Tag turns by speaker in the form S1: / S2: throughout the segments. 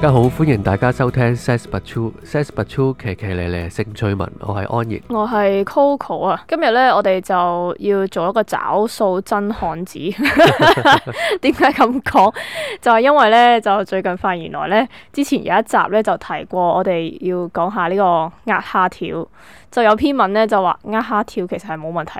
S1: 大家好，歡迎大家收聽《Sex But True》，Sex But True，騎騎咧咧性趣聞，我係安怡，
S2: 我係 Coco 啊。今日呢，我哋就要做一個找數真漢子。點解咁講？就係、是、因為呢，就最近發現，原來呢，之前有一集呢，就提過，我哋要講下呢個壓下條。就有篇文咧就話，呃蝦條其實係冇問題，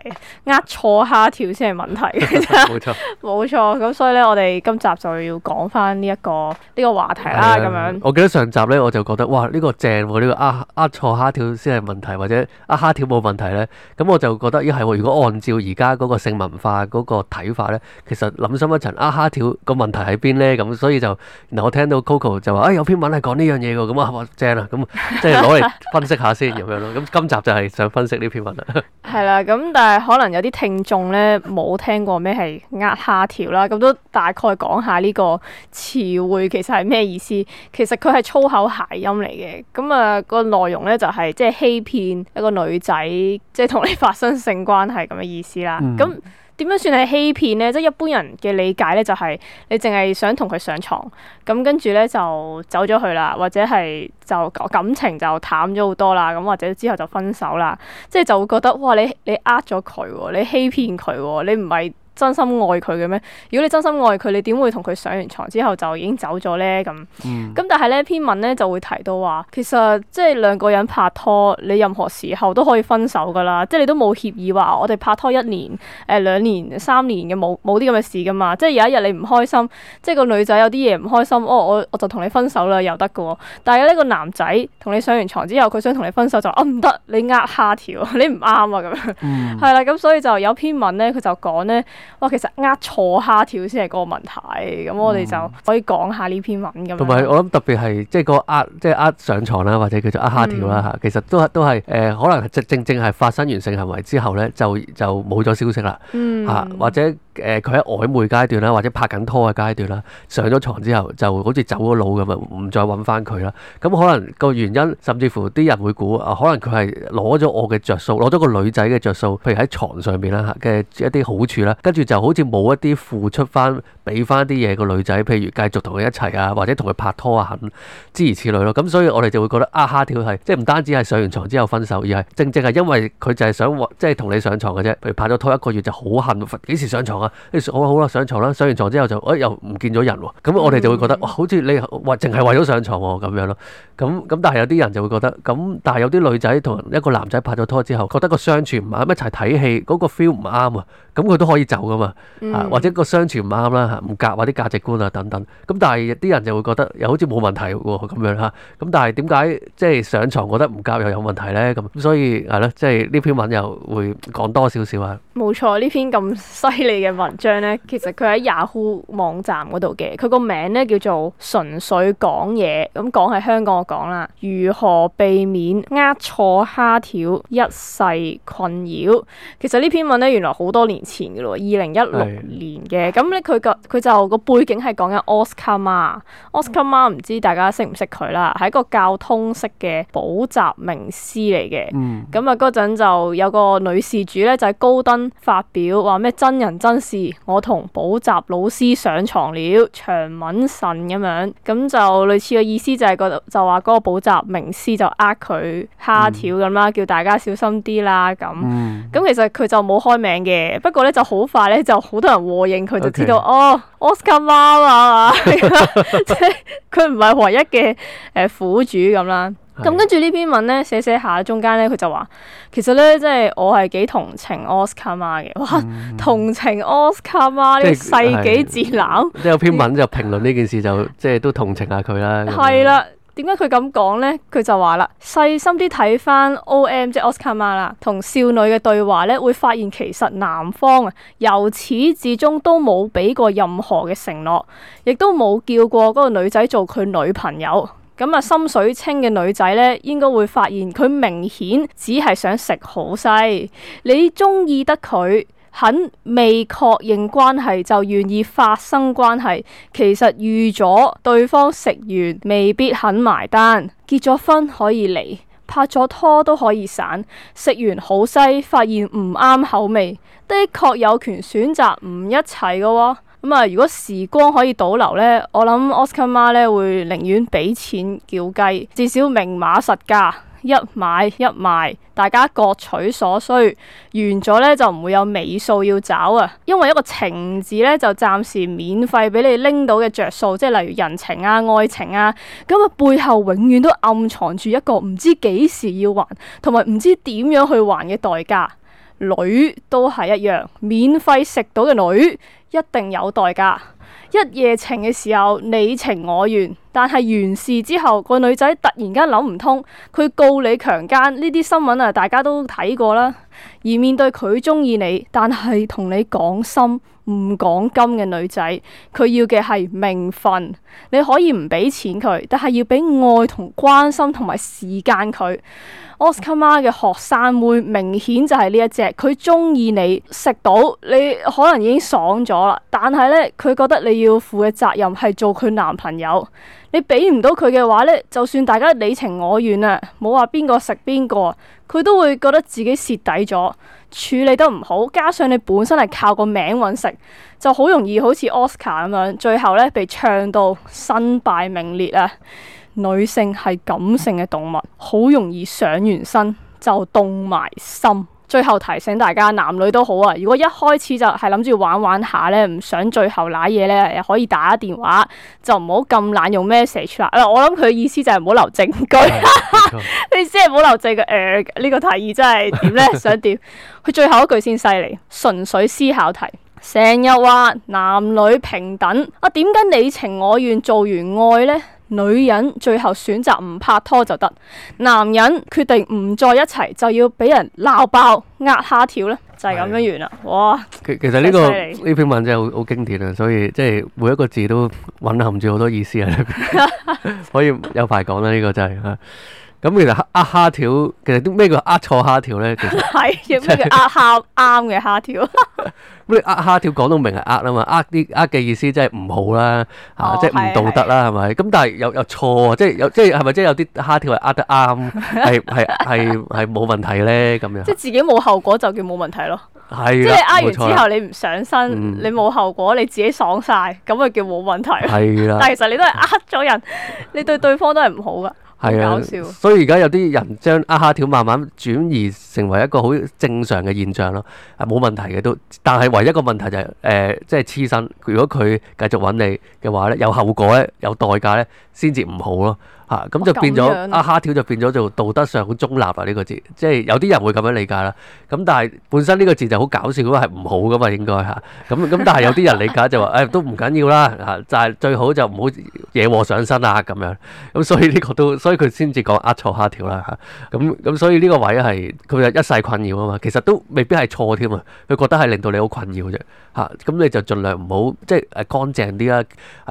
S2: 呃錯蝦條先係問題。冇錯 沒錯，冇錯。咁所以咧，我哋今集就要講返呢一個呢、這個話題啦。咁樣、 嗯，
S1: 我記得上集咧，我就覺得哇，呢、這個正喎，呢、這個呃壓錯蝦條先係問題，或者呃蝦條冇問題咧。咁我就覺得一係，如果按照而家嗰個性文化嗰個睇法咧，其實諗深一層，呃蝦條個問題喺邊咧？咁所以就我聽到 Coco 就話，哎，有篇文係講呢樣嘢噶，咁啊，正啊，咁即係攞嚟分析下先咁樣咯。咁今集。就係想分析呢篇文章。
S2: 係啦，咁但係可能有啲聽眾咧冇聽過咩係呃蝦條啦，咁都大概講下呢個詞彙其實係咩意思。其實佢係粗口諧音嚟嘅，咁、那、啊個內容咧就係即係欺騙一個女仔，即係同你發生性關係咁嘅意思啦。咁、嗯。點樣算係欺騙咧？即一般人嘅理解咧，就係你淨係想同佢上床，咁，跟住咧就走咗去啦，或者係就感情就淡咗好多啦。咁或者之後就分手啦，即係就會覺得哇！你你呃咗佢喎，你欺騙佢喎，你唔係真心愛佢嘅咩？如果你真心愛佢，你點會同佢上完床之後就已經走咗咧？咁咁、嗯、但係咧篇文咧就會提到話，其實即係兩個人拍拖，你任何時候都可以分手噶啦。即係你都冇協議話我哋拍拖一年、誒、呃、兩年、三年嘅冇冇啲咁嘅事噶嘛。即係有一日你唔開心，即係個女仔有啲嘢唔開心，哦我我就同你分手啦，又得噶喎。但係呢個男仔同你上完床之後，佢想同你分手就，啊唔得，你呃下條，你唔啱啊咁樣。係啦、嗯，咁所以就有篇文咧，佢就講咧。哇，其實呃錯蝦條先係個問題，咁我哋就可以講下呢篇文咁。同埋我
S1: 諗特別係即係個呃即係呃上床啦，或者叫做呃蝦條啦嚇，嗯、其實都係都係誒，可能正正係發生完性行為之後咧，就就冇咗消息啦嚇、嗯啊，或者。誒佢喺曖昧階段啦，或者拍緊拖嘅階段啦，上咗床之後就好似走咗佬咁啊，唔再揾翻佢啦。咁、嗯、可能個原因甚至乎啲人會估啊，可能佢係攞咗我嘅着數，攞咗個女仔嘅着數，譬如喺床上邊啦嘅一啲好處啦，跟住就好似冇一啲付出翻，俾翻啲嘢個女仔，譬如繼續同佢一齊啊，或者同佢拍拖啊，等之如此類咯。咁、嗯、所以我哋就會覺得啊嚇，跳係即係唔單止係上完床之後分手，而係正正係因為佢就係想即係同你上床嘅啫。譬如拍咗拖一個月就好恨，幾時上床啊？好好啦，上床啦，上完床之後就，哎，又唔見咗人喎，咁我哋就會覺得，哇，好似你話淨係為咗上床喎，咁樣咯，咁咁但係有啲人就會覺得，咁但係有啲女仔同一個男仔拍咗拖之後，覺得個相處唔啱，一齊睇戲嗰個 feel 唔啱啊。咁佢都可以走噶嘛，啊、嗯、或者個相處唔啱啦，唔夾或者價值觀啊等等。咁但係啲人就會覺得又好似冇問題喎咁樣嚇。咁但係點解即係上床覺得唔夾又有問題呢？咁所以係咯，即係呢篇文又會講多少少啊？
S2: 冇錯，呢篇咁犀利嘅文章呢，其實佢喺 Yahoo 網站嗰度嘅。佢個名呢叫做純粹講嘢，咁講係香港我講啦，如何避免呃錯蝦條一世困擾？其實呢篇文呢，原來好多年前嘅咯，二零一六年嘅，咁咧佢個佢就個背景係講緊 Oscar 嘛，Oscar 嘛唔知大家識唔識佢啦，係一個教通識嘅補習名師嚟嘅，咁啊嗰陣就有個女事主咧就喺高登發表話咩真人真事，我同補習老師上床了，長文神咁樣，咁就類似嘅意思就係、是、個就話嗰個補習名師就呃佢蝦條咁啦，叫大家小心啲啦咁，咁、嗯嗯、其實佢就冇開名嘅，不過。咧就好快咧，就好多人和應佢，就知道 Okay. 哦，Oscar 啊嘛，即係佢唔係唯一嘅誒苦主咁啦。咁跟住呢篇文咧寫寫下中間咧，佢就話其實咧即係我係幾同情 Oscar 媽嘅，哇、嗯，同情 Oscar 媽呢世紀戰男，即係有篇文
S1: 就評論呢件事， 就即係都同情下佢啦。係
S2: 啦。點解佢咁講呢？佢就話啦，細心啲睇翻 O.M 即係 Oscar Mara 啦，同少女嘅對話呢會發現其實男方啊，由始至終都冇俾過任何嘅承諾，亦都冇叫過嗰個女仔做佢女朋友。咁啊，心水清嘅女仔呢，應該會發現佢明顯只係想食好西。你中意得佢？肯未確認關係就願意發生關係，其實預咗對方食完未必肯埋單。結咗婚可以離，拍咗拖都可以散。食完好西，發現唔啱口味，的確有權選擇唔一齊㗎喎。咁、嗯、啊，如果時光可以倒流呢？我諗 Oscar 媽呢會寧願俾錢叫雞，至少明碼實價。一買一賣，大家各取所需，完咗呢，就唔會有尾數要找啊。因為一個情字呢，就暫時免費俾你拎到嘅着數，即係例如人情啊、愛情啊，咁啊背後永遠都暗藏住一個唔知幾時要還，同埋唔知點樣去還嘅代價。女都係一樣，免費食到嘅女一定有代價。一夜情嘅時候，你情我願，但係完事之後個女仔突然間諗唔通，佢告你強姦。呢啲新聞啊，大家都睇過啦。而面對佢中意你，但係同你講心，唔講金嘅女仔，佢要嘅係名分。你可以唔俾錢佢，但係要俾愛同關心同埋時間佢。Oscar 媽嘅學生妹明顯就係呢一隻，佢中意你食到，你可能已經爽咗啦。但係呢，佢覺得你要負嘅責任係做佢男朋友。你俾唔到佢嘅話呢，就算大家你情我願啊，冇話邊個食邊個，佢都會覺得自己蝕底咗。處理得唔好，加上你本身係靠個名揾食，就好容易好似 Oscar 咁樣，最後呢被唱到身敗名裂啊！女性係感性嘅動物，好容易上完身就動埋心。最後提醒大家，男女都好啊。如果一開始就係諗住玩玩下咧，唔想最後瀨嘢咧，可以打電話，就唔好咁懶用 message 啦。我諗佢意思就係唔好留證據，你真係唔好留證據。誒、呃、呢、這個提議真係點咧？想點？佢 最後一句先犀利，純粹思考題。成日話男女平等，啊，點解你情我願做完愛呢？女人最後選擇唔拍拖就得，男人決定唔再一齊就要俾人鬧爆壓蝦跳咧，就係、是、咁樣完啦。哇！
S1: 其其實呢、這個呢篇文真係好經典啊，所以即係每一個字都蘊含住好多意思啊。 可以有排講啦，呢、這個就係、是、啊。咁其實呃蝦條，其實都咩叫呃錯蝦條咧？係有
S2: 咩叫呃蝦啱嘅蝦條？
S1: 咁你呃蝦條講到明係呃啊嘛，呃啲呃嘅意思、哦啊、即係唔好啦，吓即係唔道德啦，係咪是？咁但係有是是有錯即係有即係係咪即係有啲蝦條係呃得啱，係係係係冇問題咧咁樣？即係
S2: 自己冇後果就叫冇問題咯。
S1: 係、 啊、即係呃完之後你
S2: 唔上身，嗯、你冇後果，你自己爽晒，咁啊叫冇問題。係啦、啊， 但係其實你都係呃咗人，你對對方都係唔好噶。
S1: 係啊，所以而家有啲人將阿、啊、蝦條慢慢轉移成為一個好正常嘅現象咯，冇問題嘅都。但係唯一,一個問題就係、是、誒、呃，即係黐身。如果佢繼續揾你嘅話咧，有後果咧，有代價咧，先至唔好咯。吓咁，就變咗，呃，蝦條就變咗做道德上好中立啊！呢、這個字，即係有啲人會咁樣理解啦。咁但係本身呢個字就好搞笑，咁係唔好噶嘛，應該吓。咁咁但係有啲人理解就話，誒、欸、都唔緊要啦，吓就係最好就唔好惹禍上身啊咁樣。咁所以呢個都，所以佢先至講呃錯蝦條啦吓。咁、啊、咁、啊啊、所以呢個位係佢就一世困擾啊嘛。其實都未必係錯添啊，佢覺得係令到你好困擾啫。吓咁你就盡量唔好即係誒乾淨啲啦。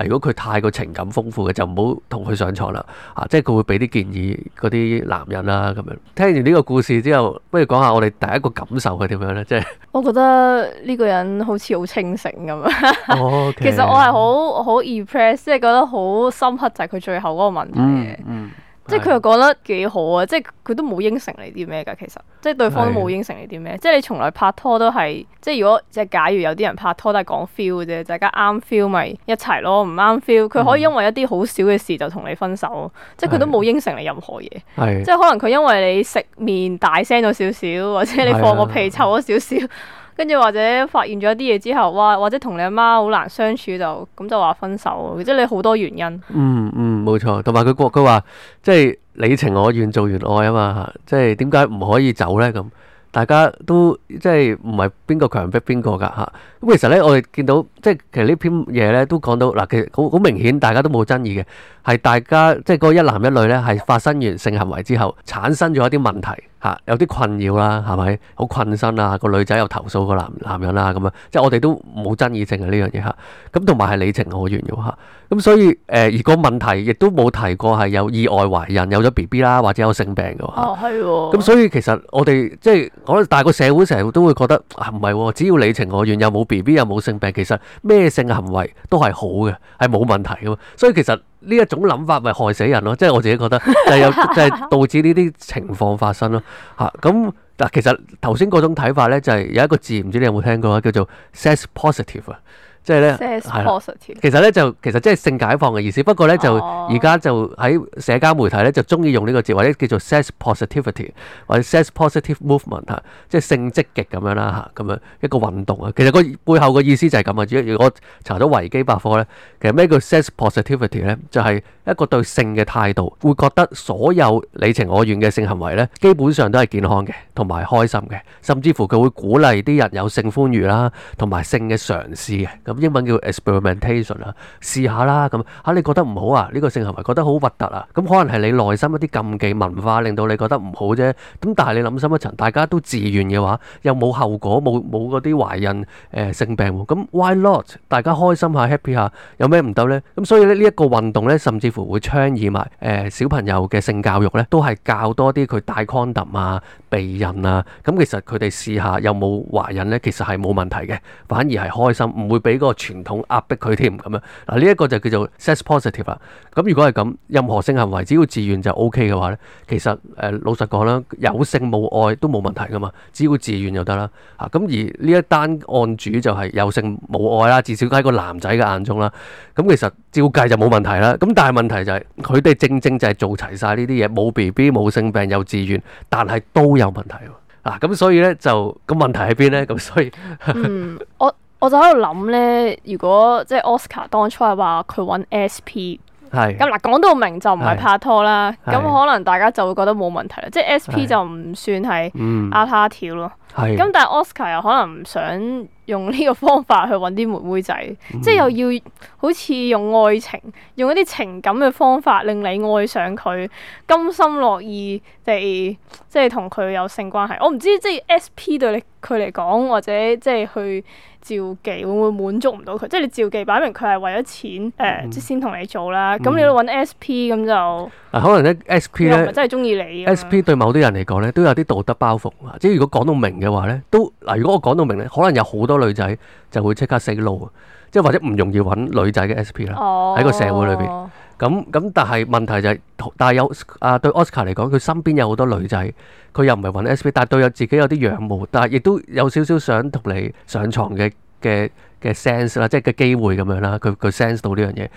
S1: 如果佢太過情感豐富嘅就唔好同佢上床啦。啊！即係佢會俾啲建議嗰啲男人啦、啊，咁樣聽完呢個故事之後，不如講下我哋第一個感受係點樣咧？即係
S2: 我覺得呢個人好似好清醒咁樣。
S1: Okay. 其實我係
S2: 好好 impressed 即係覺得好深刻就係佢最後個問題。嗯。嗯即係佢又講得幾好啊！即係佢都冇應承你啲咩㗎，其實即係對方都冇應承你啲咩。的即係你從來拍拖都係，即係如果即係假如有啲人拍拖都係講 feel 嘅啫，大家啱 feel 咪一齊咯，唔啱 feel 佢可以因為一啲好小嘅事就同你分手。的即係佢都冇應承你任何嘢，的即係可能佢因為你食麵大聲咗少少，或者你放個屁臭咗少少。的 跟住或者發現咗啲嘢之後，哇！或者同你阿媽好難相處就，就咁就話分手，即係你好多原因。
S1: 嗯嗯，冇錯，同埋佢佢話即係你情我願，做完愛啊嘛，即係點解唔可以走呢？咁？大家都即係唔係邊個強迫邊個㗎嚇？咁其實呢，我哋見到。即係其實呢篇嘢咧都講到嗱，其實好好明顯，大家都冇爭議嘅，係大家即係嗰一男一女咧係發生完性行為之後產生咗一啲問題吓，有啲困擾啦，係咪？好困身啊，個女仔又投訴個男男人啦，咁樣，即係我哋都冇爭議性嘅呢樣嘢吓，咁同埋係你情我願嘅吓，咁所以誒而個問題亦都冇提過係有意外懷孕有咗 B B 啦，或者有性病嘅喎，咁所以其實我哋即係可能大係個社會成日都會覺得啊唔係，只要你情我願又冇 B B 又冇性病，其實。咩性行為都係好嘅，係冇問題噶嘛，所以其實呢一種諗法咪害死人咯，即係我自己覺得就係有就係導致呢啲情況發生咯吓咁嗱，其實頭先嗰種睇法咧就係有一個字，唔知你有冇聽過？叫做 sex positive 啊。即係咧，係啊，其實咧就其實即係性解放嘅意思，不過咧就而家就喺社交媒體咧就中意用呢個字，或者叫做 sex positivity 或者 sex positive movement 嚇，即係性積極咁樣啦嚇，咁樣一個運動啊。其實個背後嘅意思就係咁啊。如果我查咗維基百科咧，其實咩叫 sex positivity 咧，就係、是。一個對性嘅態度，會覺得所有你情我願嘅性行為咧，基本上都係健康嘅，同埋開心嘅，甚至乎佢會鼓勵啲人有性歡愉啦，同埋性嘅嘗試嘅，咁英文叫 experimentation 啊，試下啦咁嚇，你覺得唔好啊？呢個性行為覺得好核突啊？咁可能係你內心一啲禁忌文化令到你覺得唔好啫。咁但係你諗深一層，大家都自願嘅話，又冇後果，冇冇嗰啲懷孕、誒性病，咁 why not？大家開心下、happy 下，有咩唔得咧？咁所以咧呢一個運動咧，甚至乎。會倡議埋誒小朋友嘅性教育呢？都係教多啲佢戴 condom 啊、避孕啊。咁其實佢哋試下有冇懷孕呢？其實係冇問題嘅，反而係開心，唔會俾嗰個傳統壓迫佢添咁樣。嗱呢一個就叫做 sex positive 啦。咁、啊、如果係咁，任何性行為只要自願就 OK 嘅話呢，其實誒、呃、老實講啦，有性冇愛都冇問題㗎嘛，只要自願就得啦。嚇、啊、咁而呢一單案主就係有性冇愛啦，至少喺個男仔嘅眼中啦。咁、啊、其實照計就冇問題啦。咁但係問。問題就係佢哋正正就係做齊晒呢啲嘢，冇 B B 冇性病又自願，但係都有問題。嗱、啊、咁所以咧就咁問題喺邊咧？咁所以
S2: 嗯，我我就喺度諗咧，如果即係 Oscar 當初係話佢搵 S P 係咁嗱，講到明就唔係拍拖啦。咁是可能大家就會覺得冇問題啦，是即係 S P 就唔算係 R 他跳咯。嗯咁但係 Oscar 又可能唔想用呢個方法去揾啲妹妹仔，嗯、即係又要好似用愛情，用一啲情感嘅方法令你愛上佢，甘心樂意地即係同佢有性關係。我唔知即係 SP 對佢嚟講，或者即係去召妓會唔會滿足唔到佢？即係你召妓擺明佢係為咗錢誒、嗯呃，即先同你做啦。咁、嗯、你去揾 SP 咁就、
S1: 啊，可能 SP 咧真係中意你。SP 對某啲人嚟講呢，都有啲道德包袱，即係如果講到明。嘅話咧，都嗱，如果我講到明咧，可能有好多女仔就會即刻死路，即係或者唔容易揾女仔嘅 S P 啦。喺個社會裏邊，咁咁，但係問題就係，但係有阿對 Oscar 嚟講，佢身邊有好多女仔，佢又唔係揾 S P，但係對有自己有啲仰慕，但係亦都有少少想同你上床嘅嘅嘅 sense 啦，即係嘅機會咁樣啦，佢佢 sense 到呢樣嘢。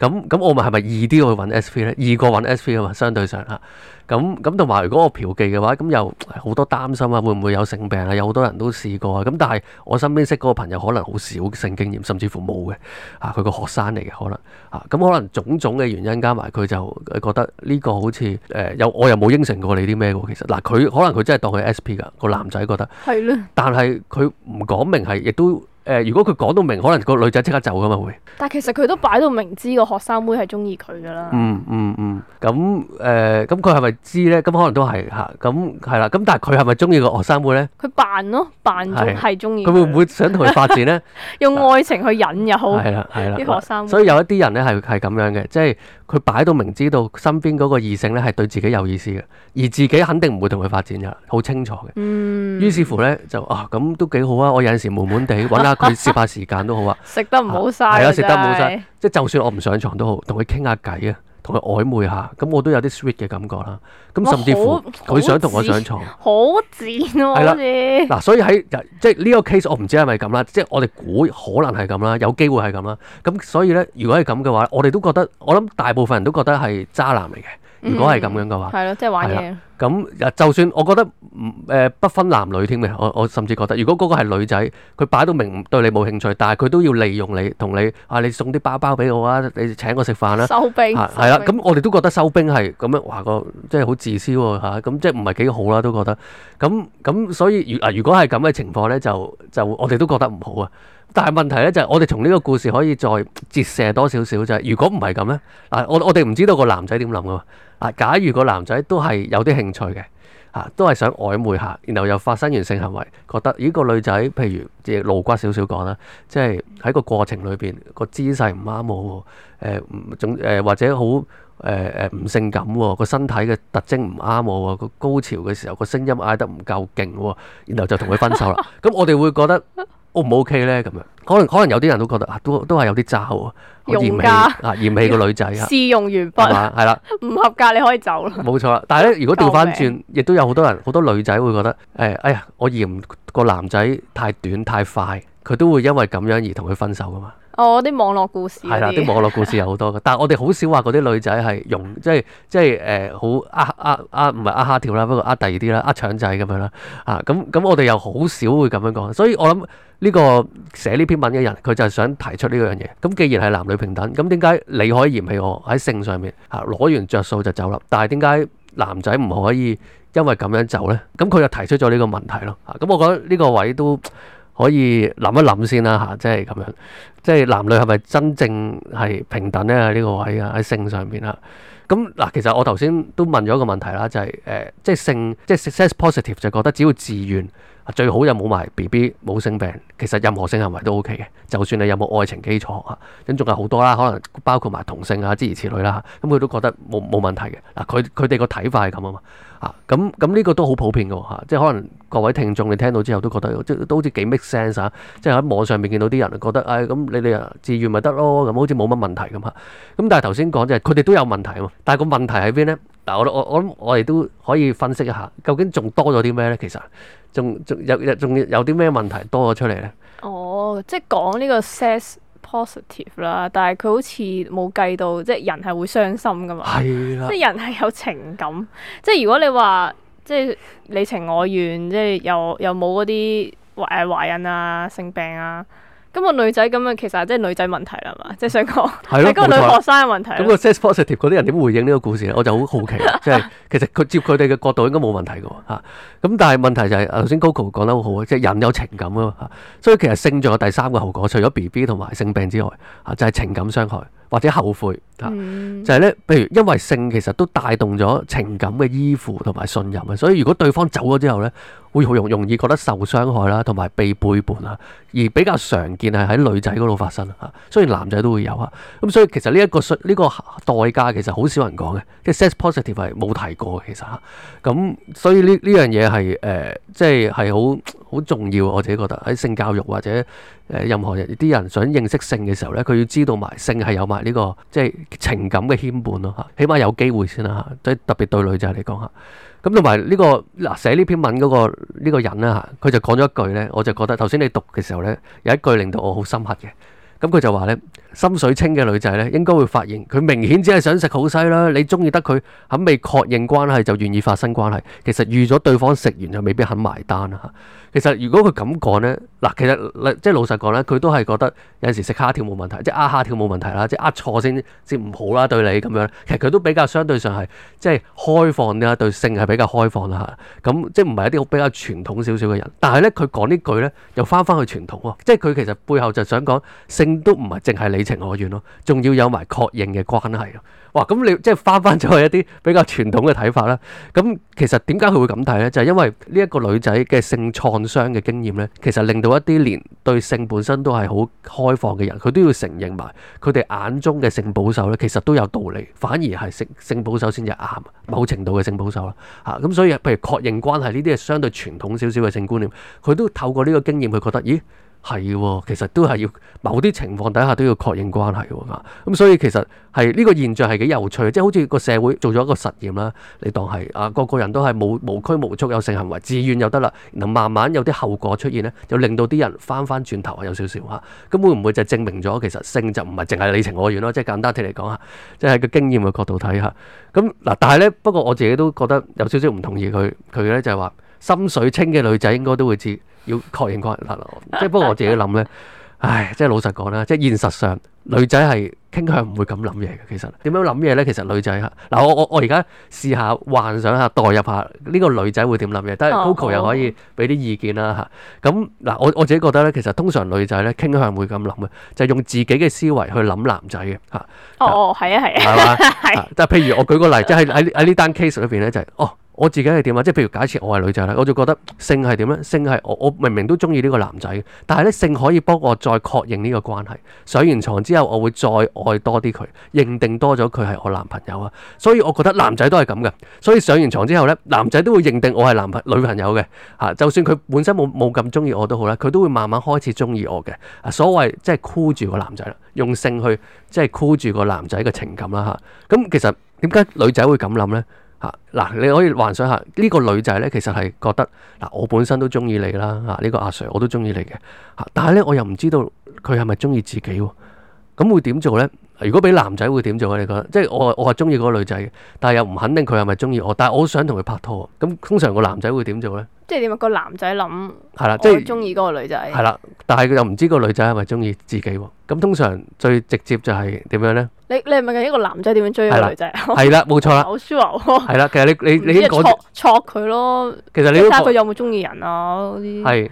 S1: 咁咁我咪係咪易啲去揾 S.P. 咧？易過揾 S.P. 啊嘛，相對上嚇。咁咁同埋，如果我嫖妓嘅話，咁又好多擔心啊，會唔會有性病啊？有好多人都試過啊。咁但係我身邊識嗰個朋友，可能好少性經驗，甚至乎冇嘅。啊，佢個學生嚟嘅可能。啊，咁、啊、可能種種嘅原因加埋，佢就覺得呢個好似誒，又、呃、我又冇應承過你啲咩喎。其實嗱，佢可能佢真係當佢 S.P. 噶。個男仔覺得。係，但係佢唔講明係，亦都。誒，如果佢講到明，可能個女仔即刻走噶嘛會。
S2: 但其實佢都擺到明知個學生妹係中意佢噶啦。
S1: 嗯嗯嗯，咁、嗯、誒，咁佢係咪知咧？咁可能都係吓，咁係啦。咁但係佢係咪中意個學生妹咧？
S2: 佢扮咯，扮中係中意佢。佢會
S1: 唔會想同佢發展咧？
S2: 用愛情去引又好，係
S1: 啦係啦學生。所以有一啲人咧係係咁樣嘅，即係佢擺到明知道身邊嗰個異性咧係對自己有意思嘅，而自己肯定唔會同佢發展噶，好清楚嘅。嗯。於是乎咧就啊，咁都幾好啊！我有陣時悶悶地佢攝下時間都好啊，
S2: 食 得唔好晒，係啊，食得唔好晒。
S1: 即係就算我唔上床都好，同佢傾下偈啊，同佢曖昧下，咁我都有啲 sweet 嘅感覺啦。咁甚至乎佢想同我上床，
S2: 好賤喎。係啦，嗱，所以喺
S1: 即係呢個 case，我唔知係咪咁啦。即係我哋估可能係咁啦，有機會係咁啦。咁所以咧，如果係咁嘅話，我哋都覺得，我諗大部分人都覺得係渣男嚟嘅。如果係咁樣嘅話，係咯、嗯，即係玩嘢咁。就算我覺得誒不分男女添嘅，我我甚至覺得，如果嗰個係女仔，佢擺到明，對你冇興趣，但係佢都要利用你，同你啊，你送啲包包俾我啊，你請我食飯啦，收兵係啦。收兵係啦，咁我哋都覺得收兵係咁樣，話個即係好自私吓，咁、啊、即係唔係幾好啦，都覺得咁咁。所以如嗱，如果係咁嘅情況咧，就就我哋都覺得唔好啊。但係問題咧就係、是，我哋從呢個故事可以再折射多少少就啫。如果唔係咁咧，嗱、啊、我我哋唔知道個男仔點諗噶。嗱、啊，假如個男仔都係有啲興趣嘅，吓、啊、都係想曖昧下，然後又發生完性行為，覺得呢個女仔，譬如即係露骨少少講啦，即係喺個過程裏邊個姿勢唔啱我，誒、呃，總誒、呃、或者好誒誒唔性感喎，個身體嘅特徵唔啱我喎，個高潮嘅時候個聲音嗌得唔夠勁，然後就同佢分手啦。咁 我哋會覺得。O 唔 O K 咧？咁樣、哦 OK、可能可能有啲人都覺得啊，都都係有啲渣喎，嫌棄啊嫌棄個女仔啊，試用完畢係啦，
S2: 唔合格你可以走啦。冇
S1: 錯啦，但係咧命如果調翻轉，亦都有好多人好多女仔會覺得誒、欸，哎呀，我嫌個男仔太短太快，佢都會因為咁樣而同佢分手噶嘛。
S2: 哦，啲網絡故事係啦，啲網
S1: 絡故事有好多噶，但係我哋好少話嗰啲女仔係用，即係即係誒好呃呃呃唔係呃蝦條啦，不過呃第二啲啦，呃腸仔咁樣啦啊咁咁我哋又好少會咁樣講，所以我諗。啊啊呢個寫呢篇文嘅人，佢就係想提出呢樣嘢。咁既然係男女平等，咁點解你可以嫌棄我喺性上面啊攞完着數就走啦？但係點解男仔唔可以因為咁樣走呢？咁佢就提出咗呢個問題咯。咁我覺得呢個位都可以諗一諗先啦。吓，即係咁樣，即係男女係咪真正係平等呢？喺呢個位啊，喺性上面啦。咁嗱，其實我頭先都問咗一個問題啦，就係誒，即係性，即係 sex positive 就覺得只要自願。最好又冇埋 B B 冇性病，其實任何性行為都 O K 嘅，就算你有冇愛情基礎啊，咁仲有好多啦，可能包括埋同性啊，諸如此類啦，咁佢都覺得冇冇問題嘅。嗱，佢佢哋個睇法係咁啊嘛，啊咁咁呢個都好普遍嘅喎嚇，即係可能各位聽眾你聽到之後都覺得即都好似幾 make sense 啊，即係喺網上面見到啲人覺得誒咁、哎、你哋你自願咪得咯，咁好似冇乜問題咁嚇。咁但係頭先講即係佢哋都有問題啊，但係個問題喺邊咧？嗱，我我我諗，我哋都可以分析一下，究竟仲多咗啲咩咧？其實，仲仲有有仲有啲咩問題多咗出嚟咧？
S2: 哦，oh, 即係講呢個 sex positive 啦，但係佢好似冇計到，即係人係會傷心噶嘛？係啦的，即係人係有情感，即係如果你話即係你情我願，即係又又冇嗰啲誒懷孕啊、性病啊。咁個女仔咁啊，其實即係女仔問題啦嘛，即、就、係、是、想講，係嗰錯個女學生嘅問題。咁個 sex
S1: positive 嗰啲人點回應呢個故事咧？我就好好奇， 即係其實佢接佢哋嘅角度應該冇問題嘅吓。咁、啊、但係問題就係、是，頭先 Coco 講得好好，即係人有情感啊，所以其實性仲有第三個後果，除咗 B B 同埋性病之外，啊就係、是、情感傷害或者後悔啊，嗯、就係咧，譬如因為性其實都帶動咗情感嘅依附同埋信任啊，所以如果對方走咗之後咧。會好容容易覺得受傷害啦，同埋被背叛啊，而比較常見係喺女仔嗰度發生嚇。雖然男仔都會有啊，咁所以其實呢一個呢個代價其實好少人講嘅，即係 sex positive 係冇提過其實嚇。咁所以呢呢樣嘢係誒，即係係好好重要。我自己覺得喺性教育或者誒任何人啲人想認識性嘅時候咧，佢要知道埋性係有埋呢個即係情感嘅牽絆咯嚇。起碼有機會先啦嚇，即係特別對女仔嚟講嚇。咁同埋呢個嗱寫呢篇文嗰個呢個人啦嚇，佢就講咗一句咧，我就覺得頭先你讀嘅時候咧，有一句令到我好深刻嘅，咁佢就話咧。心水清嘅女仔咧，應該會發現佢明顯只係想食好西啦。你中意得佢肯未確認關係就願意發生關係，其實預咗對方食完就未必肯埋單啦。其實如果佢咁講咧，嗱，其實即係老實講咧，佢都係覺得有陣時食蝦條冇問題，即係呃蝦條冇問題啦，即係呃錯先至唔好啦對你咁樣。其實佢都比較相對上係即係開放啦，對性係比較開放啦。咁即係唔係一啲比較傳統少少嘅人。但係咧，佢講呢句咧，又翻返去傳統喎。即係佢其實背後就想講，性都唔係淨係你。你情我願咯，仲要有埋確認嘅關係咯。哇，咁你即係翻翻咗去一啲比較傳統嘅睇法啦。咁其實點解佢會咁睇呢？就係因為呢一個女仔嘅性創傷嘅經驗呢，其實令到一啲連對性本身都係好開放嘅人，佢都要承認埋佢哋眼中嘅性保守呢，其實都有道理。反而係性性保守先至啱，某程度嘅性保守啦。吓咁，所以譬如確認關係呢啲係相對傳統少少嘅性觀念，佢都透過呢個經驗，去覺得，咦？係，其實都係要某啲情況底下都要確認關係㗎，咁、嗯、所以其實係呢個現象係幾有趣，即係好似個社會做咗一個實驗啦，你當係啊個個人都係冇無，無拘無束有性行為，自願就得啦，然後慢慢有啲後果出現呢，就令到啲人翻翻轉頭有少少吓，咁、嗯、會唔會就證明咗其實性就唔係淨係你情我願咯？即係簡單啲嚟講吓，即係個經驗嘅角度睇下。咁、嗯、嗱，但係呢，不過我自己都覺得有少少唔同意佢，佢呢就係話心水清嘅女仔應該都會知。要確認確認，嗱，即係不過我自己諗咧，唉，即係老實講啦，即係現實上女仔係傾向唔會咁諗嘢嘅。其實點樣諗嘢咧？其實女仔吓，嗱，我我我而家試下幻想下，代入下呢、這個女仔會點諗嘢，得，Coco 又可以俾啲意見啦，吓、哦，咁嗱，我我自己覺得咧，其實通常女仔咧傾向會咁諗嘅，就係、是、用自己嘅思維去諗男仔嘅，吓，
S2: 哦哦，係啊係啊，係嘛，係，
S1: 但係譬如我舉個例，即係喺喺呢單 case 裏邊咧、就是，就係哦。我自己係點啊？即係譬如假設我係女仔咧，我就覺得性係點咧？性係我我明明都中意呢個男仔，但係咧性可以幫我再確認呢個關係。上完床之後，我會再愛多啲佢，認定多咗佢係我男朋友啊。所以，我覺得男仔都係咁嘅。所以上完床之後咧，男仔都會認定我係男朋女朋友嘅嚇。就算佢本身冇冇咁中意我都好啦，佢都會慢慢開始中意我嘅。所謂即係箍住個男仔啦，用性去即係箍住個男仔嘅情感啦嚇。咁其實點解女仔會咁諗呢？嚇嗱、啊，你可以幻想下呢、呢個女仔咧，其實係覺得嗱、啊，我本身都中意你啦嚇，呢、啊呢個阿 sir 我都中意你嘅嚇、啊，但係咧我又唔知道佢係咪中意自己喎、啊。咁會點做咧？如果俾男仔會點做咧？你覺得？即係我我係中意嗰個女仔但係又唔肯定佢係咪中意我。但係我好想同佢拍拖。咁通常個男仔會點做咧？
S2: 即係點啊？個男仔諗係啦，即係中意嗰個女仔。係啦，
S1: 但係佢又唔知個女仔係咪中意自己。咁通常最直接就係點樣咧？
S2: 你你係問一個男仔點樣追個女仔？係啦，冇錯啦。我輸係啦，
S1: 其實你你你講，
S2: 戳佢咯。咯其實你睇下佢有冇中意人啊？啲係。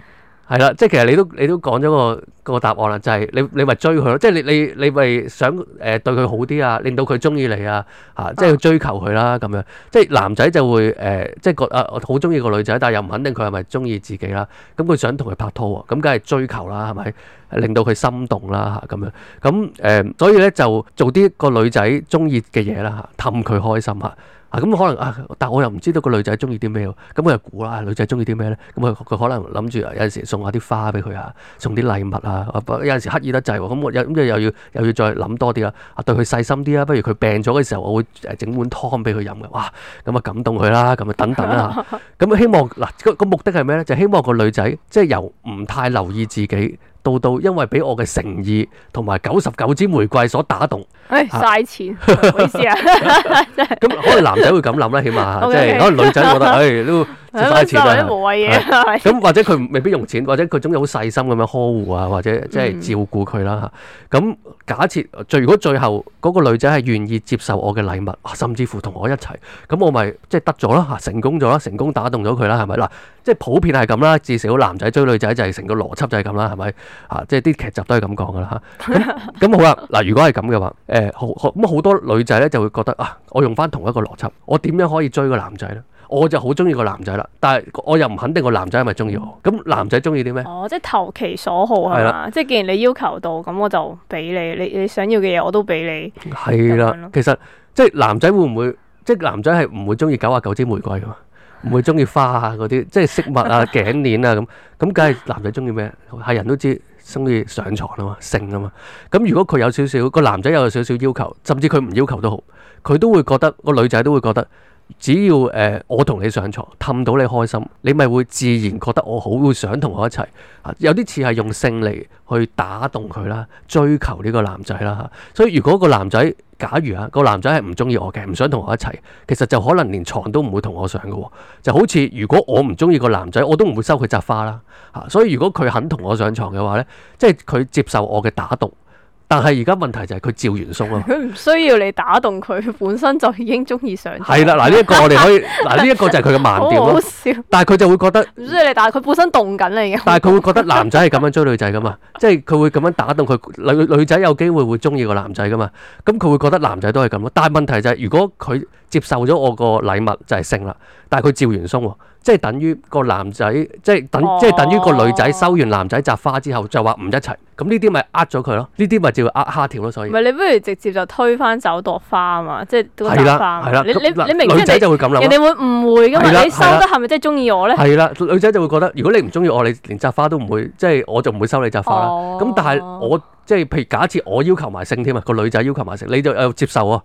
S1: 係啦，即係其實你都你都講咗個個答案啦，就係、是、你你咪追佢咯，即、就、係、是、你你你咪想誒對佢好啲啊，令到佢中意你啊，啊即係去追求佢啦咁樣，即係男仔就會誒、呃、即係覺啊好中意個女仔，但係又唔肯定佢係咪中意自己啦，咁佢想同佢拍拖喎，咁梗係追求啦，係咪令到佢心動啦吓咁樣，咁誒、呃、所以咧就做啲個女仔中意嘅嘢啦吓，氹佢開心吓。咁可能啊，但我又唔知道個女仔中意啲咩喎，咁我又估啦，女仔中意啲咩咧？咁啊，佢可能諗住有陣時送下啲花俾佢啊，送啲禮物啊，有陣時刻意得滯喎，咁我咁又要又要再諗多啲啦，啊對佢細心啲啦，不如佢病咗嘅時候，我會誒整碗湯俾佢飲嘅，哇，咁啊感動佢啦，咁啊等等啦咁 希望嗱個目的係咩咧？就希望個女仔即係由唔太留意自己。到到，道道因為俾我嘅誠意同埋九十九支玫瑰所打動，唉、哎，
S2: 嘥錢，意思啊，
S1: 咁 可能男仔會咁諗啦，起碼即係 Okay, okay. 可能女仔我覺得，唉、 哎，都。啊、嗯！真係無謂嘢，咁、嗯嗯、或者佢未必用錢，或者佢總有好細心咁樣呵護啊，或者即係、就是、照顧佢啦吓。咁假設最如果最後嗰個女仔係願意接受我嘅禮物，啊，甚至乎同我一齊，咁我咪即係得咗啦吓，成功咗啦，成功打動咗佢啦，係咪嗱？即、啊、係、就是、普遍係咁啦，至少男仔追女仔就係成個邏輯就係咁啦，係咪吓？即係啲劇集都係咁講噶啦吓。咁好啦，嗱，如果係咁嘅話，誒、欸，好咁好多女仔咧就會覺得啊，我用翻同一個邏輯，我點樣可以追個男仔咧？我就好中意個男仔啦，但係我又唔肯定個男仔係咪中意我。咁男仔中意啲咩？
S2: 哦，即係投其所好係嘛，的即係既然你要求到，咁我就俾你，你你想要嘅嘢我都俾你。
S1: 係啦的，其實即係男仔會唔會，即係男仔係唔會中意九啊九支玫瑰噶嘛，唔會中意花啊嗰啲，即係飾物啊、頸鏈啊咁，咁梗係男仔中意咩？係人都知，中意上床啊嘛，性啊嘛。咁如果佢有少少個男仔有少少要求，甚至佢唔要求都好，佢都會覺得個女仔都會覺得。那個只要誒我同你上床，氹到你開心，你咪會自然覺得我好會想同我一齊。有啲似係用性嚟去打動佢啦，追求呢個男仔啦嚇。所以如果個男仔，假如啊，個男仔係唔中意我嘅，唔想同我一齊，其實就可能連床都唔會同我上嘅喎。就好似如果我唔中意個男仔，我都唔會收佢紮花啦嚇。所以如果佢肯同我上床嘅話呢，即係佢接受我嘅打動。但係而家問題就係佢趙元松咯，佢唔
S2: 需要你打動佢，本身就已經中意上。係啦
S1: 嗱呢一個我哋可以，嗱呢一個就係佢嘅盲點 但係佢就會覺得
S2: 唔需要你打，但係，佢本身動緊你嘅。
S1: 但係佢會覺得男仔係咁樣追女仔噶嘛， 即係佢會咁樣打動佢女女仔有機會會中意個男仔噶嘛，咁佢會覺得男仔都係咁咯。但係問題就係如果佢接受咗我個禮物就係勝啦，但係佢趙元松喎。即係等於個男仔，即係等，即係等於個女仔收完男仔摘花之後，就話唔一齊。咁呢啲咪呃咗佢咯？呢啲咪就呃蝦條咯？所以唔
S2: 係你不如直接就推翻走朵花啊嘛！即係朵花。係啦，係啦。你你你明女仔就會咁諗。人哋會誤會噶嘛？你收得係咪即係中意我咧？係
S1: 啦，女仔就會覺得，如果你唔中意我，你連摘花都唔會，即係我就唔會收你摘花啦。咁但係我即係譬如假設我要求埋性添啊，個女仔要求埋性，你就接受啊？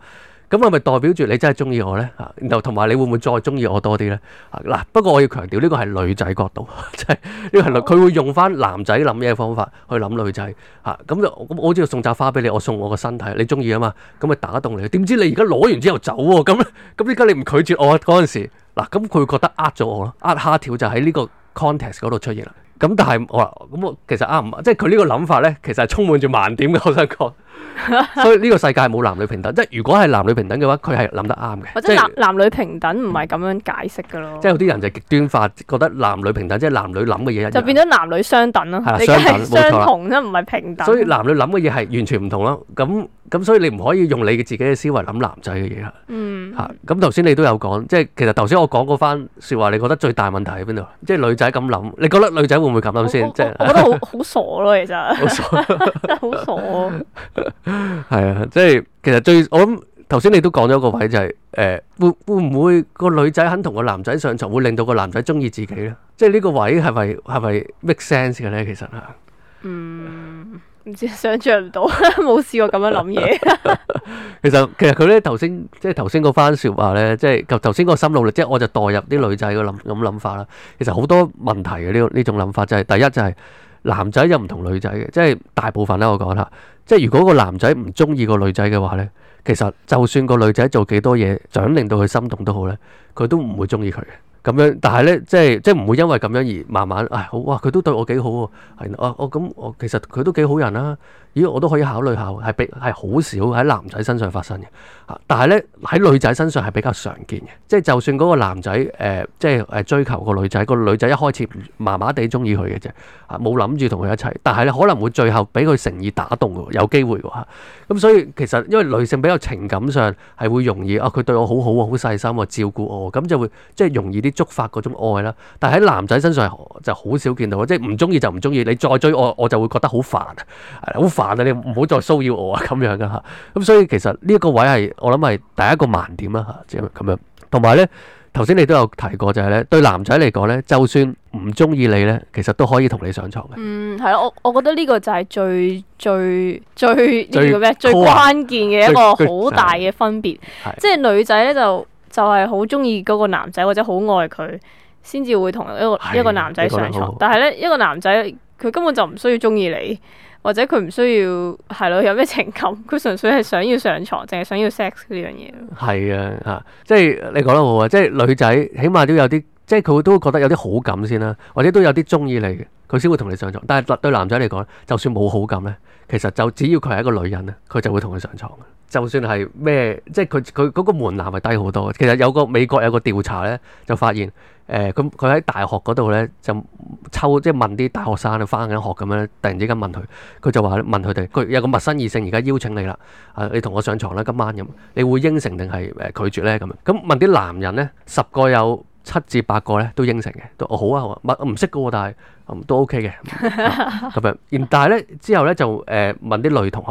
S1: 咁係咪代表住你真係中意我咧？嚇，然後同埋你會唔會再中意我多啲咧？嚇、啊、嗱，不過我要強調呢個係女仔角度，即係呢個係佢、哦、會用翻男仔諗嘢嘅方法去諗女仔嚇。咁就咁，我只要送扎花俾你，我送我個身體，你中意啊嘛？咁、嗯、咪打動你？點知你而家攞完之後走喎、啊？咁咁而家你唔拒絕我嗰、啊、陣時？嗱、啊，咁、嗯、佢覺得呃咗我咯，呃蝦條就喺呢個 context 嗰度出現啦。咁、嗯、但係我咁我其實呃唔即係佢呢個諗法咧，其實係、啊、充滿住盲點嘅，我想講。所以呢個世界冇男女平等，即係如果係男女平等嘅話，佢係諗得啱嘅。或
S2: 者男男女平等唔係咁樣解釋噶咯。即係
S1: 有啲人就極端化，覺得男女平等，即係男女諗嘅嘢，就
S2: 變咗男女相等咯。係啊，相同啫唔係平等。所以男
S1: 女諗嘅嘢係完全唔同咯。咁咁，所以你唔可以用你嘅自己嘅思維諗男仔嘅嘢。嗯。咁頭先你都有講，即係其實頭先我講嗰番說話，你覺得最大問題喺邊度？即係女仔咁諗，你覺得女仔會唔會咁諗先？即係我覺得好
S2: 好傻咯，其實好傻。真係好傻。
S1: 係啊，即係其實最我諗頭先你都講咗個位，就係誒會會唔會個女仔肯同個男仔上床，會令到個男仔中意自己咧？即係呢個位係咪係咪 make sense 嘅咧？其實啊，嗯，唔
S2: 知想象唔到，冇試過咁樣諗嘢。
S1: 其實其實佢咧，頭先即係頭先嗰番說話咧，即係頭先個心路咧，即係我就代入啲女仔個諗咁諗法啦。其實好多問題嘅呢呢種諗法就係第一就係男仔又唔同女仔嘅，即係大部分啦，我講下。即係如果個男仔唔中意個女仔嘅話呢，其實就算個女仔做幾多嘢，想令到佢心動都好呢，佢都唔會中意佢嘅。咁樣，但係咧，即係即係唔會因為咁樣而慢慢，啊好哇，佢都對我幾好喎、啊，啊我咁我其實佢都幾好人啦、啊，咦我都可以考慮下嘅，係比係好少喺男仔身上發生嘅，但係咧喺女仔身上係比較常見嘅，即係就算嗰個男仔誒、呃，即係誒追求個女仔，個女仔一開始麻麻地中意佢嘅啫，冇諗住同佢一齊，但係咧可能會最後俾佢誠意打動喎，有機會喎，嚇、啊，咁所以其實因為女性比較情感上係會容易，啊佢對我好好、啊、好細心、啊、照顧我，咁就會即係容易啲。觸發嗰種愛啦，但喺男仔身上就好少見到，即係唔中意就唔中意，你再追我，我就會覺得好煩啊，好煩啊！你唔好再騷擾我啊，咁樣噶嚇，咁、嗯、所以其實呢一個位係我諗係第一個盲點啊嚇，咁樣。同埋呢頭先你都有提過就係、係、咧，對男仔嚟講呢，就算唔中意你呢，其實都可以同你上床
S2: 嘅。嗯，係咯，我我覺得呢個就係最最最呢個咩最關鍵嘅一個好最最大嘅分別，即係、嗯、女仔呢就。就係好中意嗰個男仔或者好愛佢，先至會同一個的一個男仔上床。但係咧，一個男仔佢根本就唔需要中意你，或者佢唔需要係咯，有咩情感？佢純粹係想要上床，淨係想要 sex 呢樣嘢。
S1: 係啊，吓即係你講得好啊，即係女仔起碼都有啲。即係佢都覺得有啲好感先啦、啊，或者都有啲中意你，佢先會同你上床，但係對男仔嚟講，就算冇好感呢，其實就只要佢係一個女人呢，佢就會同佢上床。就算係咩，即係佢佢嗰個門檻係低好多。其實有個美國有個調查呢，就發現誒咁佢喺大學嗰度呢，就抽即係問啲大學生返緊學咁樣，突然之間問佢，佢就話問佢哋，佢有個陌生異性而家邀請你啦、啊，你同我上床啦今晚咁，你會應承定係拒絕呢咁樣？咁問啲男人呢，十個有七至八個咧都應承嘅，都好啊，唔識嘅喎，但係都 OK 嘅咁樣。然但係咧之後咧就，誒問啲女同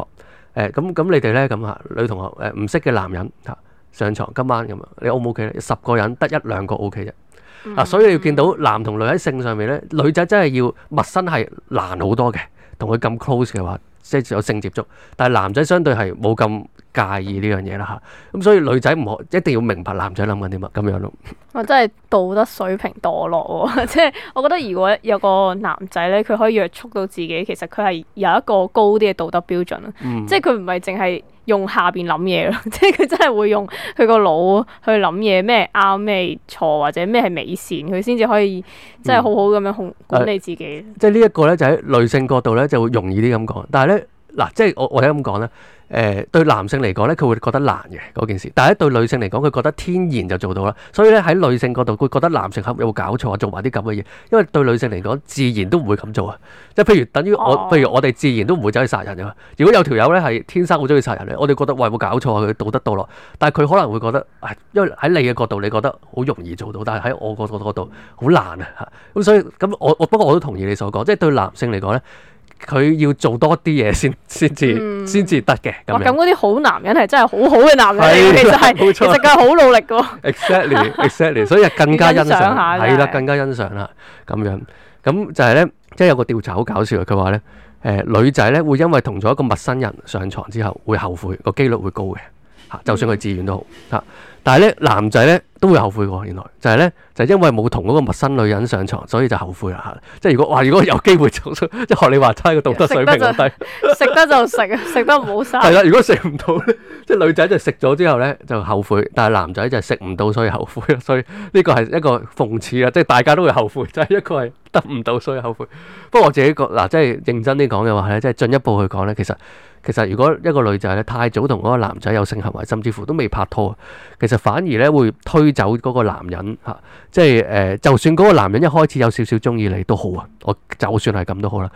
S1: 學誒，咁咁你哋咧，咁啊女同學，誒唔識嘅男人啊，上牀今晚咁，啊你 O 唔 OK 咧？十個人得一兩個 OK 啫，啊所以你要見到男同女喺性上面咧，女仔真係要陌生係難好多嘅，同佢咁 close 嘅話即係有性接觸，但係男仔相對係冇咁。介意呢樣嘢啦嚇，咁所以女仔唔可一定要明白男仔諗緊啲乜咁樣咯。樣
S2: 我真係道德水平墮落喎， 即係我覺得如果有個男仔咧，佢可以約束到自己，其實佢係有一個高啲嘅道德標準，嗯、即係佢唔係淨係用下邊諗嘢咯，即係佢真係會用佢個腦去諗嘢，咩啱咩錯或者咩係美善，佢先至可以即係好好咁樣控管理自己。嗯、
S1: 即係呢一個咧，就喺女性角度咧，就會容易啲咁講。但係咧嗱，即係我我係咁講咧。誒、呃，對男性嚟講咧，佢會覺得難嘅嗰件事，但係對女性嚟講，佢覺得天然就做到啦。所以咧，喺女性角度，佢覺得男性係有冇搞錯啊，做埋啲咁嘅嘢。因為對女性嚟講，自然都唔會咁做啊。即係譬如等於我，譬如我哋自然都唔會走去殺人啊。如果有條友咧係天生好中意殺人咧，我哋覺得喂，冇搞錯啊？佢做得到咯。但係佢可能會覺得，因為喺你嘅角度，你覺得好容易做到，但係喺我個角度好難啊。咁所以咁，我我不過我都同意你所講，即係對男性嚟講咧。佢要做多啲嘢先，先至先至得嘅，咁咁
S2: 嗰啲好男人係真係好好嘅男人，的其實係，錯其實佢好努力嘅。
S1: exactly，exactly， exactly, 所以更加欣賞，係啦、就是，更加欣賞啦，咁樣。咁就係、是就是、呢，即係有個調查好搞笑，佢話呢，誒，女仔呢會因為同咗一個陌生人上床之後會後悔，個幾率會高嘅吓，嗯、就算佢自願都好吓。但係咧，男仔咧都會後悔喎。原來就係咧，就係、是就是、因為冇同嗰個陌生女人上床，所以就後悔啦嚇。即係如果哇，如果有機會就即係學你話齋個道德水平啊低 。
S2: 食得就食，食得唔好曬。係啦，如
S1: 果食唔到咧，即係女仔就食咗之後咧就後悔，但係男仔就食唔到所以後悔。所以呢個係一個諷刺啊！即、就、係、是、大家都會後悔，就係、是、一個係得唔到所以後悔。不過我自己覺嗱、啊，即係認真啲講嘅話咧，即係進一步去講咧，其實其實如果一個女仔咧太早同嗰個男仔有性行為，甚至乎都未拍拖，其實。就反而咧會推走嗰個男人嚇，即係誒、呃，就算嗰個男人一開始有少少鍾意你都好啊，我就算係咁都好啦。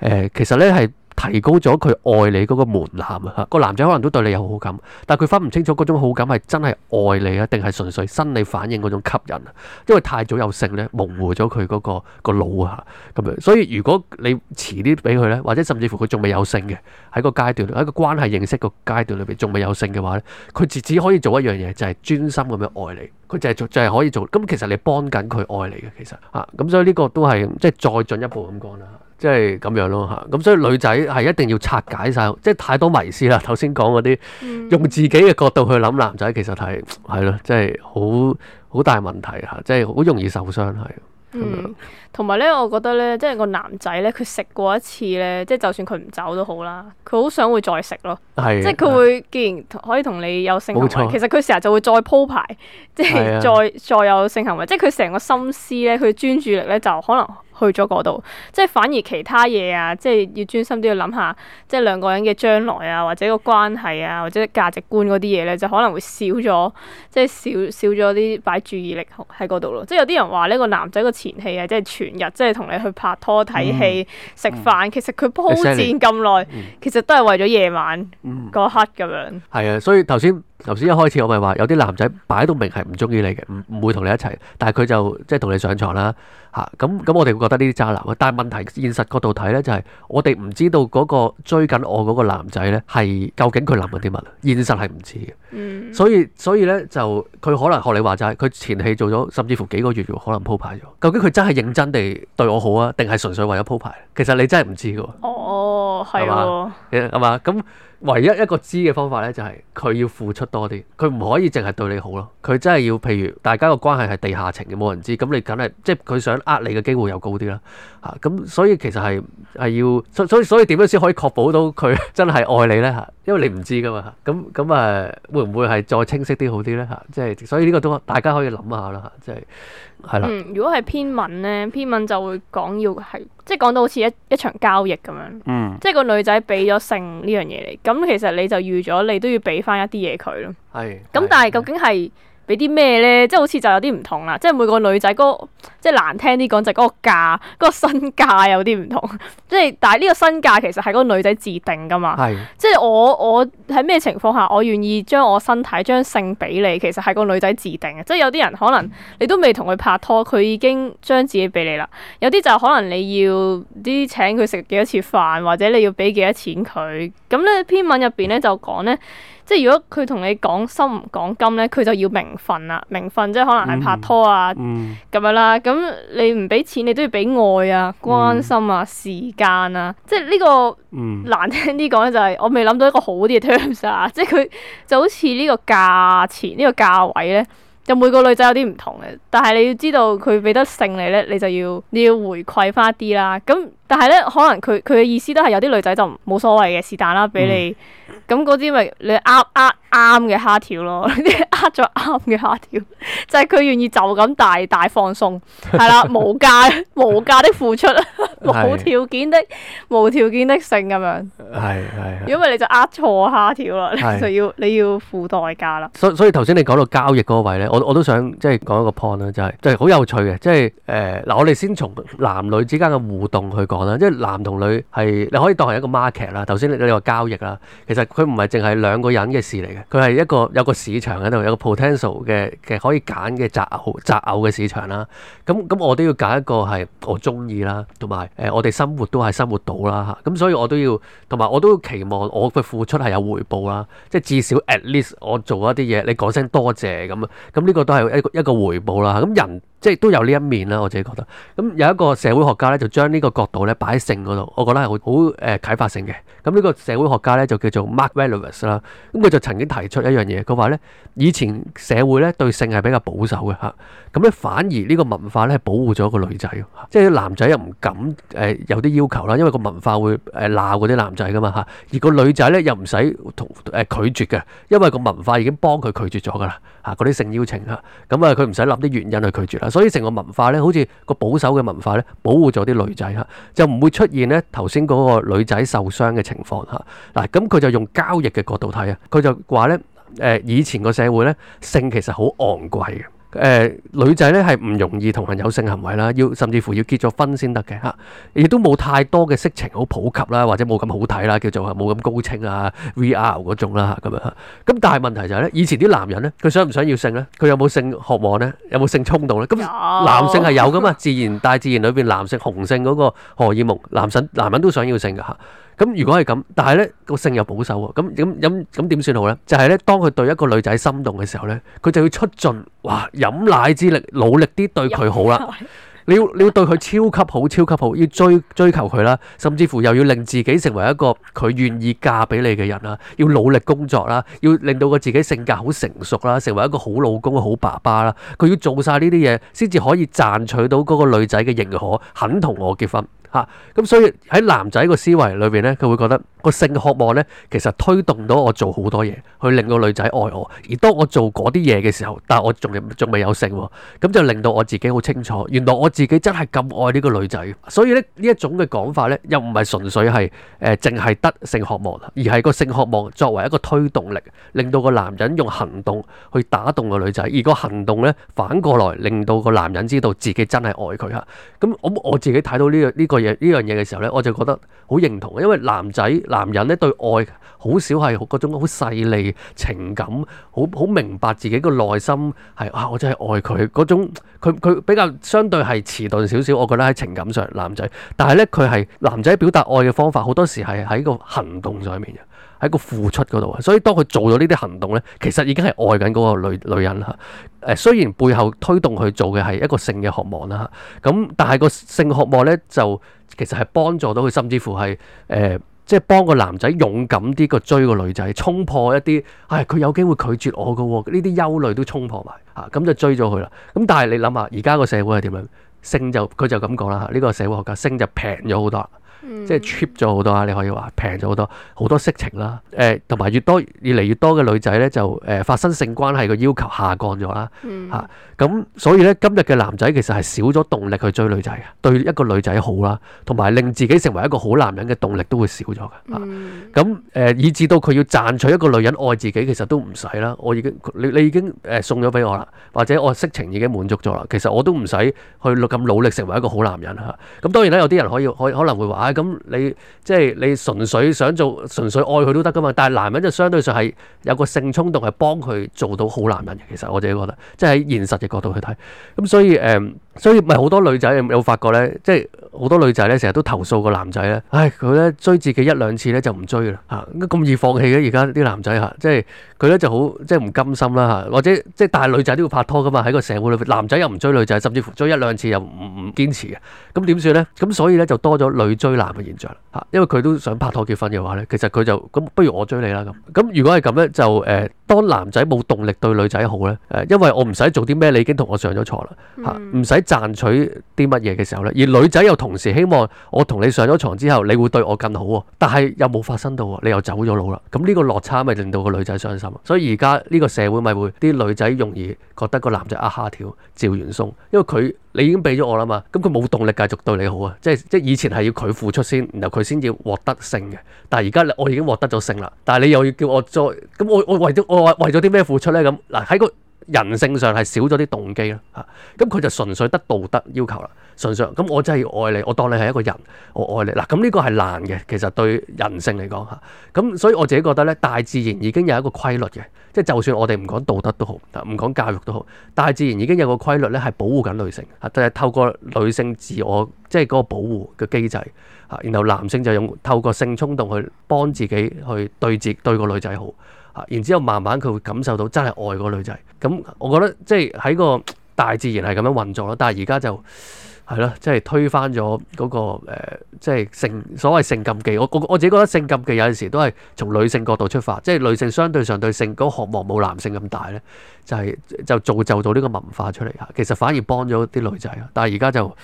S1: 誒、呃，其實咧係。提高咗佢愛你嗰個門檻啊！個男仔可能都對你有好感，但係佢分唔清楚嗰種好感係真係愛你啊，定係純粹生理反應嗰種吸引啊！因為太早有性咧，模糊咗佢嗰個個腦啊，咁樣。所以如果你遲啲俾佢咧，或者甚至乎佢仲未有性嘅，喺個階段喺個關係認識個階段裏邊仲未有性嘅話咧，佢只只可以做一樣嘢，就係專心咁樣愛你。佢就係做，就係可以做。咁其實你幫緊佢愛你嘅，其實啊，咁所以呢個都係即係再進一步咁講啦。即係咁樣咯嚇，咁所以女仔係一定要拆解晒，即係太多迷思啦。頭先講嗰啲用自己嘅角度去諗男仔，其實係係咯，即係好好大問題嚇，即係好容易受傷係。嗯，
S2: 同埋咧，我覺得咧，即係個男仔咧，佢食過一次咧，即係就算佢唔走都好啦，佢好想會再食咯。的即係佢會的既然可以同你有性行為，錯其實佢成日就會再鋪排，
S1: 即係再
S2: 的再有性行為，即係佢成個心思咧，佢專注力咧就可能。去咗嗰度，即係反而其他嘢啊，即係要專心都要諗下，即係兩個人嘅將來啊，或者個關係啊，或者價值觀嗰啲嘢咧，就可能會少咗，即係少少咗啲擺注意力喺嗰度咯。即係有啲人話，呢個男仔個前戲啊，即係全日，即係同你去拍拖睇戲食飯，飯，嗯嗯、其實佢鋪墊咁耐，嗯嗯、其實都係為咗夜晚嗰刻咁、嗯嗯、樣。
S1: 係啊，所以頭先。頭先一開始我咪話有啲男仔擺到明係唔中意你嘅，唔唔會同你一齊，但係佢就即係同你上床啦嚇。咁、啊、咁我哋會覺得呢啲渣男，但係問題現實角度睇呢，就係、是、我哋唔知道嗰個追緊我嗰個男仔呢係究竟佢諗緊啲乜。現實係唔知嘅，所以所以咧就佢可能學你話齋，佢前期做咗甚至乎幾個月可能鋪排咗。究竟佢真係認真地對我好啊，定係純粹為咗鋪排？其實你真係唔知嘅。
S2: 哦，係喎、
S1: 哦，係嘛咁。唯一一個知嘅方法呢，就係佢要付出多啲，佢唔可以淨係對你好咯。佢真係要，譬如大家個關係係地下情嘅，冇人知，咁你梗係即係佢想呃你嘅機會又高啲啦。嚇、啊、咁，所以其實係係要，所以所以點樣先可以確保到佢真係愛你呢？嚇，因為你唔知噶嘛。咁咁啊，會唔會係再清晰啲好啲呢？嚇、啊，即係所以呢個都大家可以諗下啦。嚇、啊，即係。嗯，
S2: 如果係篇文咧，篇文就會講要係，即係講到好似一一場交易咁樣，嗯、即係個女仔俾咗性呢樣嘢你，咁其實你就預咗你都要俾翻一啲嘢佢咯。係，咁但係究竟係？俾啲咩咧？即係好似就有啲唔同啦。即係每個女仔嗰、那個，即係難聽啲講就係、是、嗰個價，嗰、那個身價有啲唔同。即係但係呢個身價其實係個女仔自定噶嘛。是即係我我喺咩情況下我願意將我身體將性俾你，其實係個女仔自定嘅。即係有啲人可能你都未同佢拍拖，佢已經將自己俾你啦。有啲就可能你要啲請佢食幾多次飯，或者你要俾幾多錢佢。咁呢篇文入邊咧就講咧。即係如果佢同你講心唔講金咧，佢就要名分啦，名分即係可能係拍拖啊咁、嗯、樣啦。咁你唔俾錢，你都要俾愛啊、關心啊、時間啊。嗯、即係呢個難聽啲講咧，就係、是、我未諗到一個好啲嘅 terms 啊。即係佢就好似呢個價錢、呢、這個價位咧。就每個女仔有啲唔同嘅，但係你要知道佢俾得性你咧，你就要你要回饋翻啲啦。咁但係咧，可能佢佢嘅意思都係有啲女仔就冇所謂嘅，是但啦俾你。咁嗰啲咪你呃呃啱嘅蝦條咯，啲呃咗啱嘅蝦條，就係、是、佢願意就咁大大放鬆，係啦， 無價無價的付出。 是無條件的無條件的性咁樣，
S1: 係係，如果
S2: 唔係你就壓錯下條啦，是你就要你要付代價啦。
S1: 所所以頭先你講到交易嗰個位咧，我我都想即係講一個 point 咧，就係、是、就係、是、好有趣嘅，即係誒嗱，我哋先從男女之間嘅互動去講啦，即係男同女係你可以當係一個 market 啦。頭先你你話交易啦，其實佢唔係淨係兩個人嘅事嚟嘅，佢係一個有一個市場喺度，有個 potential 嘅嘅可以揀嘅擇擇偶嘅市場啦。咁咁我都要揀一個係我中意啦，同埋。誒、呃，我哋生活都係生活到啦，咁、嗯、所以我都要，同埋我都期望我嘅付出係有回報啦，即係至少 at least 我做一啲嘢，你講聲多謝咁啊，咁、嗯、呢、嗯呢個都係一個一個回報啦，咁、嗯、人。即係都有呢一面啦，我自己覺得。咁有一個社會學家咧，就將呢個角度咧擺喺性嗰度，我覺得係好好誒啟發性嘅。咁呢個社會學家咧就叫做 Mark Velas 啦。咁佢就曾經提出一樣嘢，佢話咧以前社會咧對性係比較保守嘅嚇。咁咧反而呢個文化咧係保護咗個女仔，即係啲男仔又唔敢誒有啲要求啦，因為個文化會誒鬧嗰啲男仔噶嘛嚇。而個女仔咧又唔使同誒拒絕嘅，因為個文化已經幫佢拒絕咗噶啦嚇。嗰啲性邀求邀請啊，咁啊佢唔使諗啲原因去拒絕啦。所以成個文化咧，好似個保守嘅文化咧，保護咗啲女仔吓，就唔會出現咧頭先嗰個女仔受傷嘅情況吓。嗱，咁佢就用交易嘅角度睇啊，佢就話咧，誒以前個社會咧，性其實好昂貴嘅。誒、呃、女仔咧係唔容易同人有性行為啦，要甚至乎要結咗婚先得嘅嚇，亦都冇太多嘅色情好普及啦，或者冇咁好睇啦，叫做冇咁高清啊 VR 嗰種啦咁樣。咁但係問題就係咧，以前啲男人咧，佢想唔想要性咧，佢有冇性渴望咧，有冇性衝動咧？咁男性係有噶嘛？自然大自然裏邊男性雄性嗰個荷爾蒙，男神，男人都想要性噶。咁如果係咁，但係呢個性又保守喎，咁咁咁咁點算好呢？就係呢，當佢對一個女仔心動嘅時候呢，佢就要出盡哇，飲奶之力，努力啲對佢好啦了。你要你要對佢超級好，超級好，要追追求佢啦，甚至乎又要令自己成為一個佢願意嫁俾你嘅人啦。要努力工作啦，要令到個自己性格好成熟啦，成為一個好老公、好爸爸啦。佢要做晒呢啲嘢，先至可以賺取到嗰個女仔嘅認可，肯同我結婚。嚇咁、啊、所以喺男仔個思維裏邊咧，佢會覺得個性渴望咧，其實推動到我做好多嘢，去令到女仔愛我。而當我做嗰啲嘢嘅時候，但係我仲未仲未有性，咁就令到我自己好清楚，原來我自己真係咁愛呢個女仔。所以咧呢一種嘅講法咧，又唔係純粹係誒淨係得性渴望，而係個性渴望作為一個推動力，令到個男人用行動去打動個女仔，而個行動咧反過來令到個男人知道自己真係愛佢嚇。咁、啊、我我自己睇到呢、這個呢個。呢樣嘢嘅時候呢，我就覺得好認同，因為男仔男人呢對愛好少係嗰種好細膩情感，好好明白自己個內心係啊，我真係愛佢嗰種，佢佢比較相對係遲鈍少少，我覺得喺情感上男仔，但係呢，佢係男仔表達愛嘅方法好多時係喺個行動上面嘅。喺個付出嗰度啊，所以當佢做咗呢啲行動咧，其實已經係愛緊嗰個女女人啦。誒，雖然背後推動佢做嘅係一個性嘅渴望啦，咁但係個性渴望咧就其實係幫助到佢，甚至乎係誒，即、呃、係、就是、幫個男仔勇敢啲個追個女仔，衝破一啲哎佢有機會拒絕我嘅喎，呢啲憂慮都衝破埋嚇，咁就追咗佢啦。咁但係你諗下，而家個社會係點樣？性就佢就咁講啦，呢、呢個社會學家，性就平咗好多。即係 cheap 咗好多啊，你可以話平咗好多，好多色情啦，誒、呃，同埋越多越嚟越多嘅女仔咧就誒、呃、發生性關係嘅要求下降咗啦，吓咁、嗯啊、所以咧今日嘅男仔其實係少咗動力去追女仔嘅，對一個女仔好啦，同埋令自己成為一個好男人嘅動力都會少咗嘅，咁誒以至到佢要賺取一個女人愛自己，其實都唔使啦，我已經你你已經誒送咗俾我啦，或者我色情已經滿足咗啦，其實我都唔使去咁努力成為一個好男人吓，咁、啊啊、當然咧有啲人可以可以可能會話。咁你即係、就是、你純粹想做純粹愛佢都得㗎嘛，但係男人就相對上係有個性衝動，係幫佢做到好男人嘅。其實我自己覺得，即係喺現實嘅角度去睇，咁所以誒。嗯所以咪好多女仔有發覺呢，即係好多女仔呢成日都投訴個男仔呢，唉佢呢追自己一兩次呢就唔追啦，吓，咁易放棄嘅。而家啲男仔吓，即係佢呢就好即係唔甘心啦吓，或者即係但係女仔都要拍拖噶嘛，喺個社會裏邊，男仔又唔追女仔，甚至乎追一兩次又唔唔堅持嘅，咁點算呢？咁所以呢，就多咗女追男嘅現象吓，因為佢都想拍拖結婚嘅話呢，其實佢就咁不如我追你啦，咁，咁如果係咁呢，就誒。欸當男仔冇動力對女仔好呢，誒，因為我唔使做啲咩，你已經同我上咗床啦，吓、嗯，唔使賺取啲乜嘢嘅時候呢。而女仔又同時希望我同你上咗床之後，你會對我更好喎，但係又冇發生到喎，你又走咗佬啦，咁呢個落差咪令到個女仔傷心，所以而家呢個社會咪會啲女仔容易覺得個男仔阿蝦條，趙元鬆，因為佢。你已經俾咗我啦嘛，咁佢冇動力繼續對你好啊，即係即係以前係要佢付出先，然後佢先至獲得勝嘅，但係而家我已經獲得咗勝啦，但係你又要叫我再咁，我我，我，我為咗我為咗啲咩付出呢？咁嗱喺個。人性上係少咗啲動機啦，嚇咁佢就純粹得道德要求啦，純粹咁我真係要愛你，我當你係一個人，我愛你嗱，咁呢個係難嘅，其實對人性嚟講嚇，咁、啊、所以我自己覺得咧，大自然已經有一個規律嘅，即係就算我哋唔講道德都好，唔講教育都好，大自然已經有個規律咧，係保護緊女性，即、啊、係、就係、透過女性自我，即係嗰個保護嘅機制嚇、啊，然後男性就用透過性衝動去幫自己去對接對個女仔好嚇、啊，然之後慢慢佢會感受到真係愛個女仔。咁、嗯，我覺得即係喺個大自然係咁樣運作咯。但係而家就係咯，即係推翻咗嗰、嗰個、呃、即係性所謂性禁忌。我我自己覺得性禁忌有陣時都係從女性角度出發，即係女性相對上對性嗰渴望冇男性咁大咧，就係、係、就造就咗呢個文化出嚟啊。其實反而幫咗啲女仔啊，但係而家就。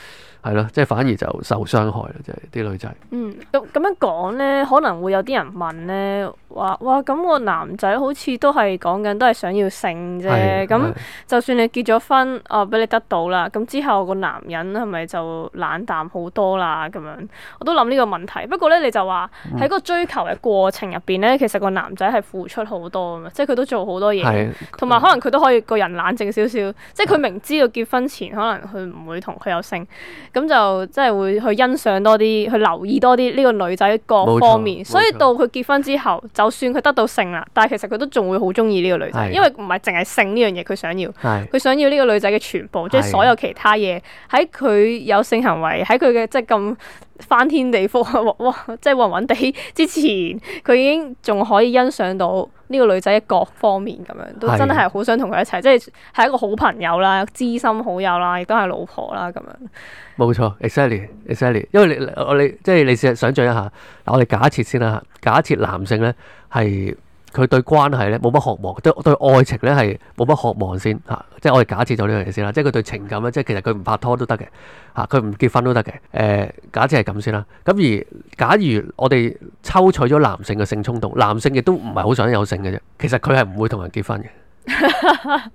S1: 係咯，即係反而就受傷害咯，即係啲女仔。
S2: 嗯，咁咁樣講咧，可能會有啲人問咧，話哇，咁個男仔好似都係講緊，都係想要性啫。咁的就算你結咗婚，哦的，俾、啊、你得到啦，咁之後個男人係咪就冷淡好多啦？咁樣我都諗呢個問題。不過咧，你就話喺個追求嘅過程入邊咧，嗯、其實個男仔係付出好多噶嘛，即係佢都做好多嘢，同埋的可能佢都可以、嗯、個人冷靜少少，即係佢明知道結婚前可能佢唔會同佢有性。咁就真係會去欣賞多啲，去留意多啲呢個女仔各方面。錯所以到佢結婚之後，錯就算佢得到性啦，但係其實佢都仲會好中意呢個女仔，的因為唔係淨係性呢樣嘢佢想要，佢的想要呢個女仔嘅全部，的即係所有其他嘢喺佢有性行為喺佢嘅即係咁。翻天地覆，哇！即係混混地，之前佢已經仲可以欣賞到呢個女仔嘅各方面咁樣，都真係好想同佢一齊，是的 即係係一個好朋友啦、知心好友啦，亦都係老婆啦咁樣。
S1: 冇錯，exactly，exactly，因為你我哋你即係你試想象一下，我哋假設先啦，假設男性呢係。佢對關係咧冇乜渴望，即係對愛情咧係冇乜渴望先嚇、啊，即係我哋假設咗呢樣嘢先啦。即係佢對情感咧，即係其實佢唔拍拖都得嘅嚇，佢、啊、唔結婚都得嘅。誒、啊，假設係咁先啦。咁、啊、而假如我哋抽取咗男性嘅性衝動，男性亦都唔係好想有性嘅啫。其實佢係唔會同人結婚嘅。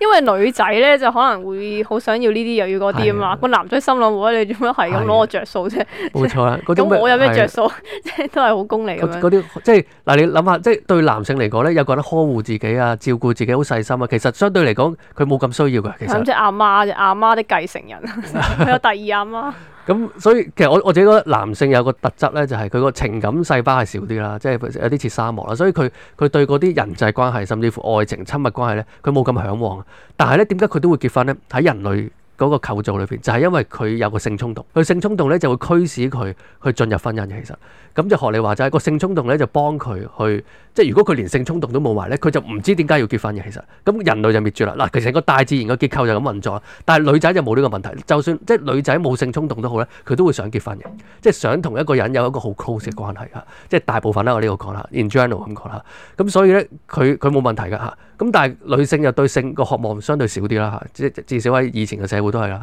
S2: 因為女仔咧就可能會好想要呢啲又要嗰啲啊嘛，的個男仔心諗，你我你做乜係咁攞我着數啫？
S1: 冇錯啦，咁、啊、 我有咩着數？
S2: 即係都係好功利咁。嗰啲
S1: 即係嗱，你諗下，即係對男性嚟講咧，有個人呵護自己啊，照顧自己好細心啊，其實相對嚟講，佢冇咁需要噶。其實咁即
S2: 阿媽啫，阿媽的繼承人，佢有第二阿媽。
S1: 咁、嗯、所以其實我我自己覺得男性有個特質咧，就係佢個情感細胞係少啲啦，即係有啲似沙漠啦。所以佢佢對嗰啲人際關係，甚至乎愛情親密關係咧，佢冇咁嚮往。但係咧，點解佢都會結婚咧？喺人類嗰個構造裏邊，就係因為佢有個性衝動，佢性衝動咧就會驅使佢去進入婚姻。其實咁就學你話就係個性衝動咧，就幫佢去。即係如果佢連性衝動都冇埋咧，佢就唔知點解要結婚嘅。其實咁人類就滅絕啦。嗱，其實個大自然嘅結構就咁運作，但係女仔就冇呢個問題。就算即係女仔冇性衝動都好咧，佢都會想結婚嘅，即係想同一個人有一個好 close 嘅關係嚇。即係大部分啦，我呢個講啦，in general 咁講啦。咁所以咧，佢佢冇問題㗎嚇。咁但係女性又對性個渴望相對少啲啦嚇。即至少喺以前嘅社會都係啦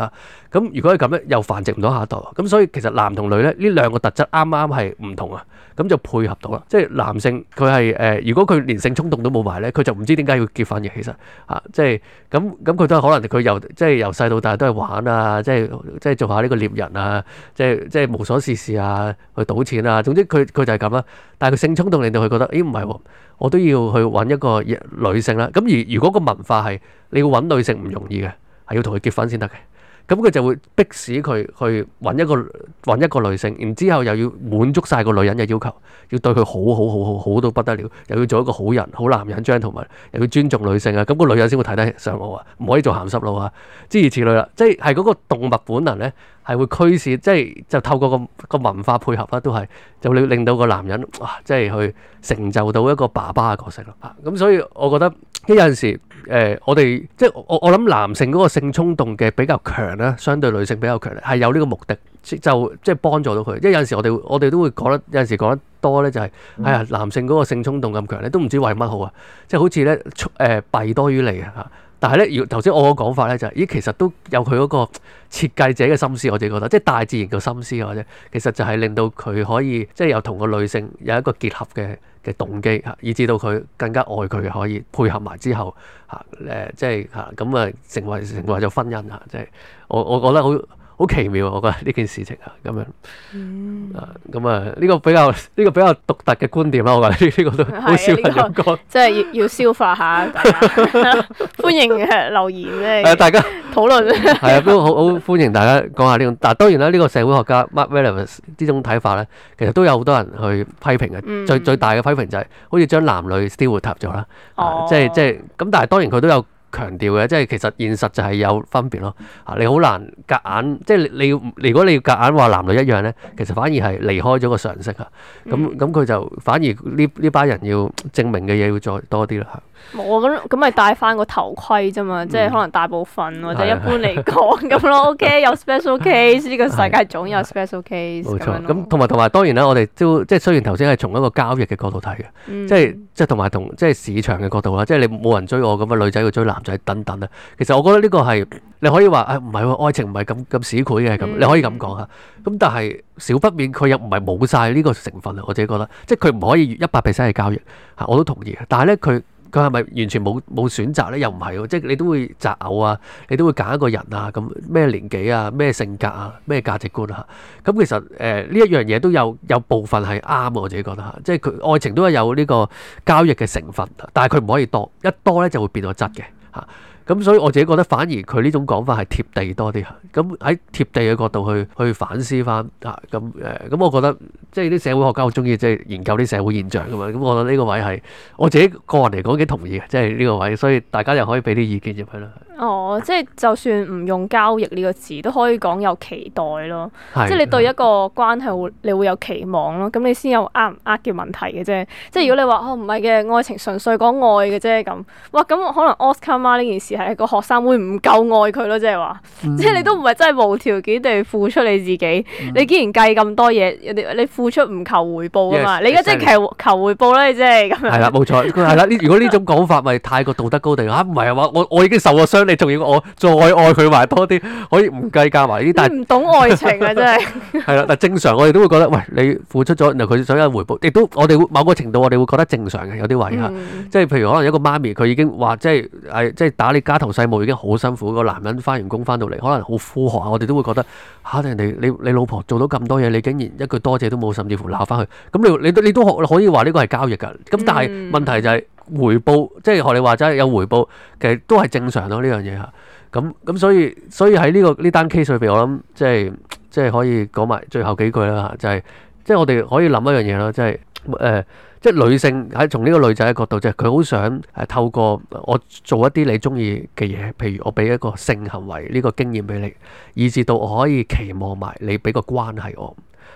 S1: 嚇。咁如果係咁咧，又繁殖唔到下一代。咁所以其實男同女咧呢兩個特質啱啱係唔同啊。咁就配合到啦。即係男性佢係。誒，如果佢連性衝動都冇埋咧，佢就唔知點解要結婚嘅。其實嚇，啊，即係咁咁，佢都係可能佢由即係由細到大都係玩啊，即係即係做下呢個獵人啊，即係即係無所事事啊，去賭錢啊。總之佢佢就係咁啦。但係佢性衝動令到佢覺得，咦，唔係喎，我都要去揾一個女性啦。咁而如果個文化係你要揾女性唔容易嘅，係要同佢結婚先得嘅。咁佢就會迫使佢去揾一個揾一個女性，然之後又要滿足晒個女人嘅要求，要對佢好好好好好到不得了，又要做一個好人、好男人、gentleman，又要尊重女性啊！咁個女人先會睇得上我啊，唔可以做鹹濕佬啊，諸如此類啦。即係係嗰個動物本能呢係會驅使，即係就透過個個文化配合啊，都係就會令到個男人哇，即係去成就到一個爸爸嘅角色咯。咁、嗯、所以我覺得有陣時。誒、呃，我哋即係我我諗男性嗰個性衝動嘅比較強啦，相對女性比較強，係有呢個目的，就即係幫助到佢。即係有陣時我哋我哋都會講得有陣時講得多咧、就係，就係、嗯、哎呀，男性嗰個性衝動咁強咧，都唔知為乜好啊！即係好似咧，誒、呃、弊多於利嘅嚇。但係咧，要頭先我嘅講法咧就係，咦，其實都有佢嗰個設計者嘅心思，我自己覺得，即係大自然嘅心思或者其實就係令到佢可以，即係有同個女性有一個結合嘅嘅動機，以至到佢更加愛佢，可以配合埋之後，嚇誒，即係嚇咁啊，成為成為咗婚姻啊，即係我我覺得好。好奇妙，啊，我覺得呢件事情啊，咁樣，樣啊，咁啊，呢個，啊啊、比較呢個比較獨特嘅觀點啦，啊，我覺得呢、這個都好少人講，即係、嗯
S2: 這個，要消化下呵呵，歡迎留言，啊、大家討論咧，係
S1: 啊，都好好歡迎大家講下呢種，但、啊、係當然啦，啊，呢、這個社會學家 Mark Williams 呢種睇法咧，其實都有好多人去批評嘅，嗯，最最大嘅批評就係、是、好似將男女 still up 咗啦，即係即係咁，但係當然佢都有。強調嘅，即係其實現實就係有分別咯。啊，你好難夾硬，硬，即係你要如果你要夾硬話男女一樣咧，其實反而係離開咗個常識嚇。咁咁佢就反而呢呢班人要證明嘅嘢要再多啲啦嚇。
S2: 冇啊，咁咁咪戴翻個頭盔啫嘛，即係可能大部分或者一般嚟講咁咯。 o、okay, K，有 special case 呢 個世界係總有 special case 錯。冇錯，
S1: 咁同埋同埋，當然啦，我哋都即係雖然頭先係從一個交易嘅角度睇嘅，嗯，即係即係同埋同即係市場嘅角度啦，即係你冇人追我咁啊，女仔要追男仔等等啊。其實我覺得呢個係你可以話誒，唔係喎，愛情唔係咁咁市儈嘅咁，你可以咁講啊。咁、哎嗯、但係少不免佢又唔係冇晒呢個成分啊。我自己覺得，即係佢唔可以一百 percent 係交易吓，我都同意。但係咧，佢佢係咪完全冇冇選擇呢？又唔係喎，即係你都會擇偶啊，你都會揀一個人啊，咁咩年紀啊，咩性格啊，咩價值觀啊，咁其實誒呢一樣嘢都有有部分係啱我自己覺得嚇，即係佢愛情都係有呢個交易嘅成分，但係佢唔可以多一多呢就會變咗質嘅嚇。咁所以我自己覺得反而佢呢種講法係貼地多啲，咁喺貼地嘅角度去去反思翻吓，咁誒咁我覺得即係啲社會學家好中意即係研究啲社會現象㗎嘛，咁我覺得呢個位係我自己個人嚟講幾同意嘅，即係呢個位，所以大家又可以俾啲意見入去啦。
S2: 哦，即係就算唔用交易呢個字都可以講有期待咯，
S1: 是即係你對一
S2: 個關係會你會有期望咯，咁你先有呃唔呃嘅問題嘅啫。即係如果你話哦唔係嘅愛情純粹講愛嘅啫咁，哇咁可能奧斯卡呢件事。「係個學生會唔夠愛佢咯？就是嗯、即係話，即係你都唔係真係無條件地付出你自己。嗯、你既然計咁多嘢，你付出唔求回報㗎嘛？Yes，你而家即係求回報咧，即係咁樣。係啦，冇
S1: 錯。係啦、嗯，如果呢種講法咪太過道德高地，唔係啊，我我已經受過傷，你仲要我再愛佢埋多啲，可以唔計價埋呢啲。但係唔
S2: 懂愛情啊，真
S1: 係。係啦，嗱，正常我哋都會覺得，喂，你付出咗，然後佢想有回報，亦都我哋某個程度，我哋會覺得正常嘅，有啲位嚇。即係、嗯、譬如可能一個媽咪，佢已經話即係即係打你。家頭細務已經好辛苦，個男人翻完工翻到嚟，可能好呼渴，我哋都會覺得吓、啊，人哋你你老婆做到咁多嘢，你竟然一句多謝都冇，甚至乎鬧翻去，咁你你都你都可可以話呢個係交易㗎。咁但係問題就係、是、回報，即係學你話齋有回報，其實都係正常咯，呢樣嘢吓。咁咁所以所以喺呢、這個呢單 case 裏邊，我諗即係即係可以講埋最後幾句啦吓，就係即係我哋可以諗一樣嘢咯，即係誒。呃即係女性喺從呢個女仔嘅角度，即係佢好想誒透過我做一啲你中意嘅嘢，譬如我俾一個性行為呢個經驗俾你，以至到我可以期望埋你俾個關係我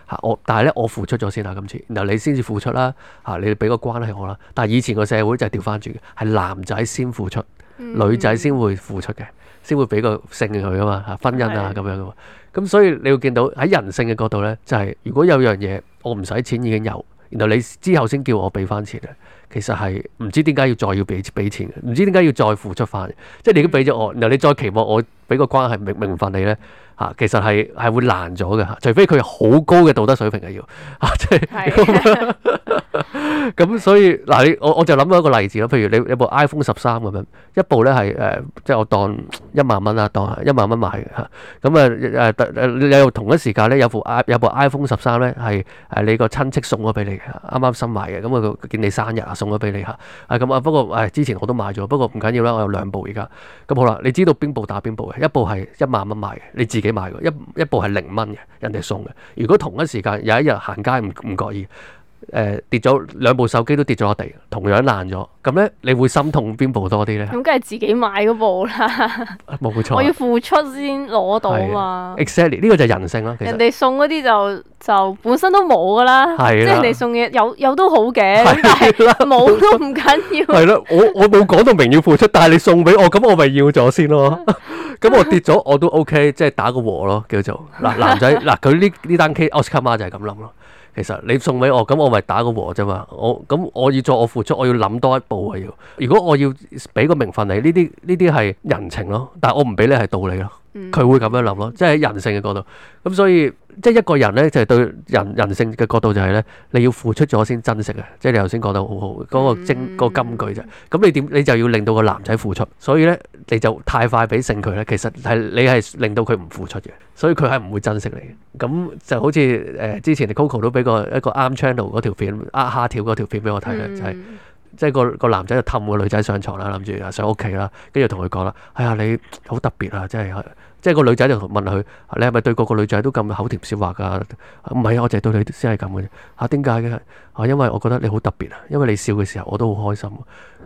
S1: 嚇我，但係咧我付出咗先啊今次，然後你先至付出啦、啊、嚇、啊，你俾個關係我啦。但係以前個社會就係調翻轉嘅，係男仔先付出，女仔先會付出嘅，先會俾個性佢啊嘛嚇，婚姻啊咁樣嘅喎。咁的所以你會見到喺人性嘅角度咧，就係、是、如果有樣嘢我唔使錢已經有。然後你之後先叫我俾翻錢啊，其實係唔知點解要再要俾俾錢，唔知點解要再付出翻，即係你已經俾咗我，然後你再期望我俾個關係明明分你咧，嚇，其實係係會難咗嘅，除非佢好高嘅道德水平嘅要，嚇，即係。咁所以嗱，你我我就諗到一個例子咯。譬如你有部 iPhone 十三咁樣，一部咧係誒，即係我當一萬蚊啦，當一萬蚊買嘅。咁啊誒誒，有、啊啊、同一時間咧有，有部 i 有部 iPhone 十三咧係誒你個親戚送咗俾你，啱啱新買嘅。咁啊佢見你生日你啊，送咗俾你嚇。咁啊，不過誒、哎、之前我都買咗，不過唔緊要啦。我有兩部而家。咁好啦，你知道邊部打邊部嘅？一部係一萬蚊買嘅，你自己買嘅；一一部係零蚊嘅，人哋送嘅。如果同一時間有一日行街唔唔覺意。誒，跌咗兩部手機都跌咗我地，同樣爛咗，咁咧你會心痛邊部多啲咧？
S2: 咁梗係自己買嗰部啦，
S1: 冇錯。我要付
S2: 出先攞到嘛
S1: ？exactly 呢個就係人性啦。其實人哋
S2: 送嗰啲就就本身都冇噶啦，即係人哋送嘢有有都好嘅，冇都唔緊要。係咯，
S1: 我我冇講到明要付出，但係你送俾我，咁我咪要咗先咯。咁我跌咗我都 ok，即係打個和咯，叫做嗱男仔嗱佢呢呢單 caseOscar 媽就係咁諗咯。其實你送俾我，咁我咪打個和啫嘛。我咁我要做我付出，我要諗多一步。如果我要俾個名分你，呢啲呢啲係人情咯，但係我唔俾你係道理咯。佢會咁樣諗咯，即係喺人性嘅角度，咁所以即係一個人咧，就係、是、對人人性嘅角度就係、是、咧，你要付出咗先珍惜啊！即係你頭先講到好好嗰、那個精、那個金句啫。咁你點你就要令到個男仔付出，所以咧你就太快俾性佢咧，其實係你係令到佢唔付出嘅，所以佢係唔會珍惜你嘅。咁就好似誒、呃、之前 Coco 都俾個一個啱 channel 嗰條片呃下跳嗰條片俾我睇咧，嗯、就係、是、即係個個男仔就氹個女仔上床啦，諗住上屋企啦，跟住同佢講啦，係、哎、啊你好特別啊，即係。即係個女仔就問佢：你係咪對個個女仔都咁口甜舌滑㗎？唔係啊，我淨係對你先係咁嘅啫。嚇、啊，點解嘅？因為我覺得你好特別啊，因為你笑嘅時候我都好開心。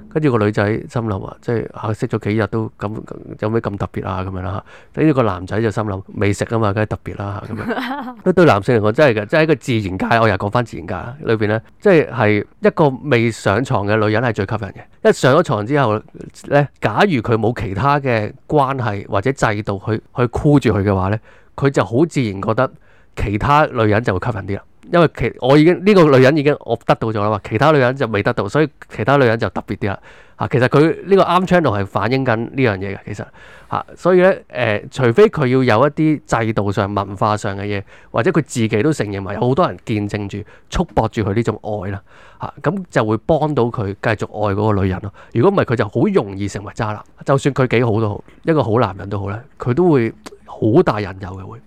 S1: 跟住個女仔心諗啊，即係識咗幾日都咁有咩咁特別啊咁樣啦。嚇，跟住個男仔就心諗未食啊嘛，梗係特別啦嚇咁樣。對男性嚟講真係嘅，即係一個自然界，我又講翻自然界裏邊咧，即係係一個未上床嘅女人係最吸引嘅。一上咗床之後咧，假如佢冇其他嘅關係或者制度去去箍住佢嘅話咧，佢就好自然覺得其他女人就會吸引啲啦。因為其我已經呢、這個女人已經我得到咗啦嘛，其他女人就未得到，所以其他女人就特別啲啦。吓，其實佢呢個啱 channel 係反映緊呢樣嘢嘅。其實吓、啊，所以咧誒、呃，除非佢要有一啲制度上、文化上嘅嘢，或者佢自己都承認話好多人見證住、束縛住佢呢種愛啦，吓、啊、咁就會幫到佢繼續愛嗰個女人咯。如果唔係，佢就好容易成為渣男，就算佢幾好都好，一個好男人都好咧，佢都會好大引誘嘅會。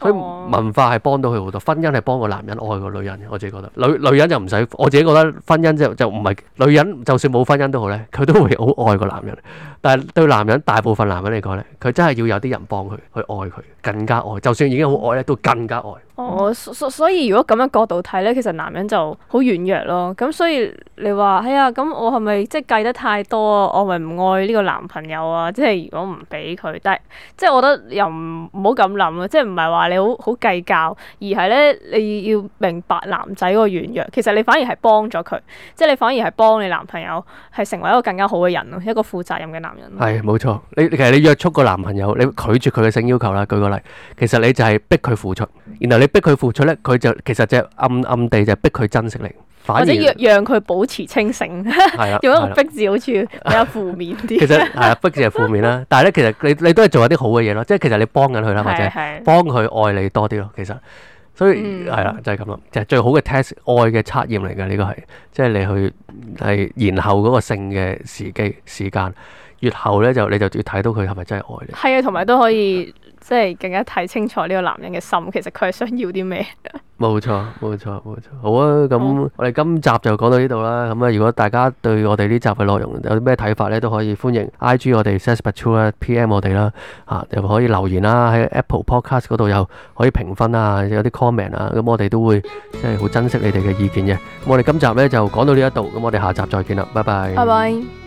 S1: 所以文化係幫到佢好多，婚姻係幫個男人愛個女人，我自己覺得，女女人就唔使，我自己覺得婚姻就就唔係，女人就算冇婚姻都好咧，佢都會好愛個男人，但係對男人，大部分男人嚟講咧，佢真係要有啲人幫佢去愛佢，更加愛，就算已經好愛咧，都更加愛。
S2: 我、哦、所以如果咁樣角度睇咧，其實男人就好軟弱咯。咁、嗯、所以你話哎呀，咁我係咪即係計得太多啊？我咪唔愛呢個男朋友啊！即係如果唔俾佢，但係即係我覺得又唔好咁諗咯。即係唔係話你好好計較，而係咧你要明白男仔個軟弱。其實你反而係幫咗佢，即係你反而係幫你男朋友係成為一個更加好嘅人咯，一個負責任嘅男人。係
S1: 冇錯，你其實你約束個男朋友，你拒絕佢嘅性要求啦。舉個例，其實你就係逼佢付出，然後你你逼佢付出咧，佢就其實就暗暗地就逼佢珍惜你，反而或
S2: 者讓佢保持清醒。係啊，用一個逼字好似比較負面啲。其實係啊，
S1: 逼字係負面啦。但係咧，其實你你都係做一啲好嘅嘢咯。即係其實你幫緊佢啦，或者幫佢愛你多啲咯。其實所以係啦，就係咁咯。就係最好嘅 test 愛嘅測驗嚟嘅呢個係，即係你去係然後嗰個性嘅時機時間越後咧就你就要睇到佢係咪真係愛你。
S2: 係啊，同埋都可以。嗯即係更加睇清楚呢個男人嘅心，其實佢係想要啲咩？
S1: 冇錯，冇錯，冇錯。好啊，咁我哋今集就講到呢度啦。咁啊，如果大家對我哋呢集嘅內容有啲咩睇法呢，都可以歡迎 IG 我哋 s e Sexpecture PM 我哋啦，吓、啊、又可以留言啦，喺 Apple Podcast 嗰度又可以評分啦，有啲 comment 啊，咁我哋都會即係好珍惜你哋嘅意見嘅。咁我哋今集呢就講到呢一度，咁我哋下集再見啦，拜拜。拜拜。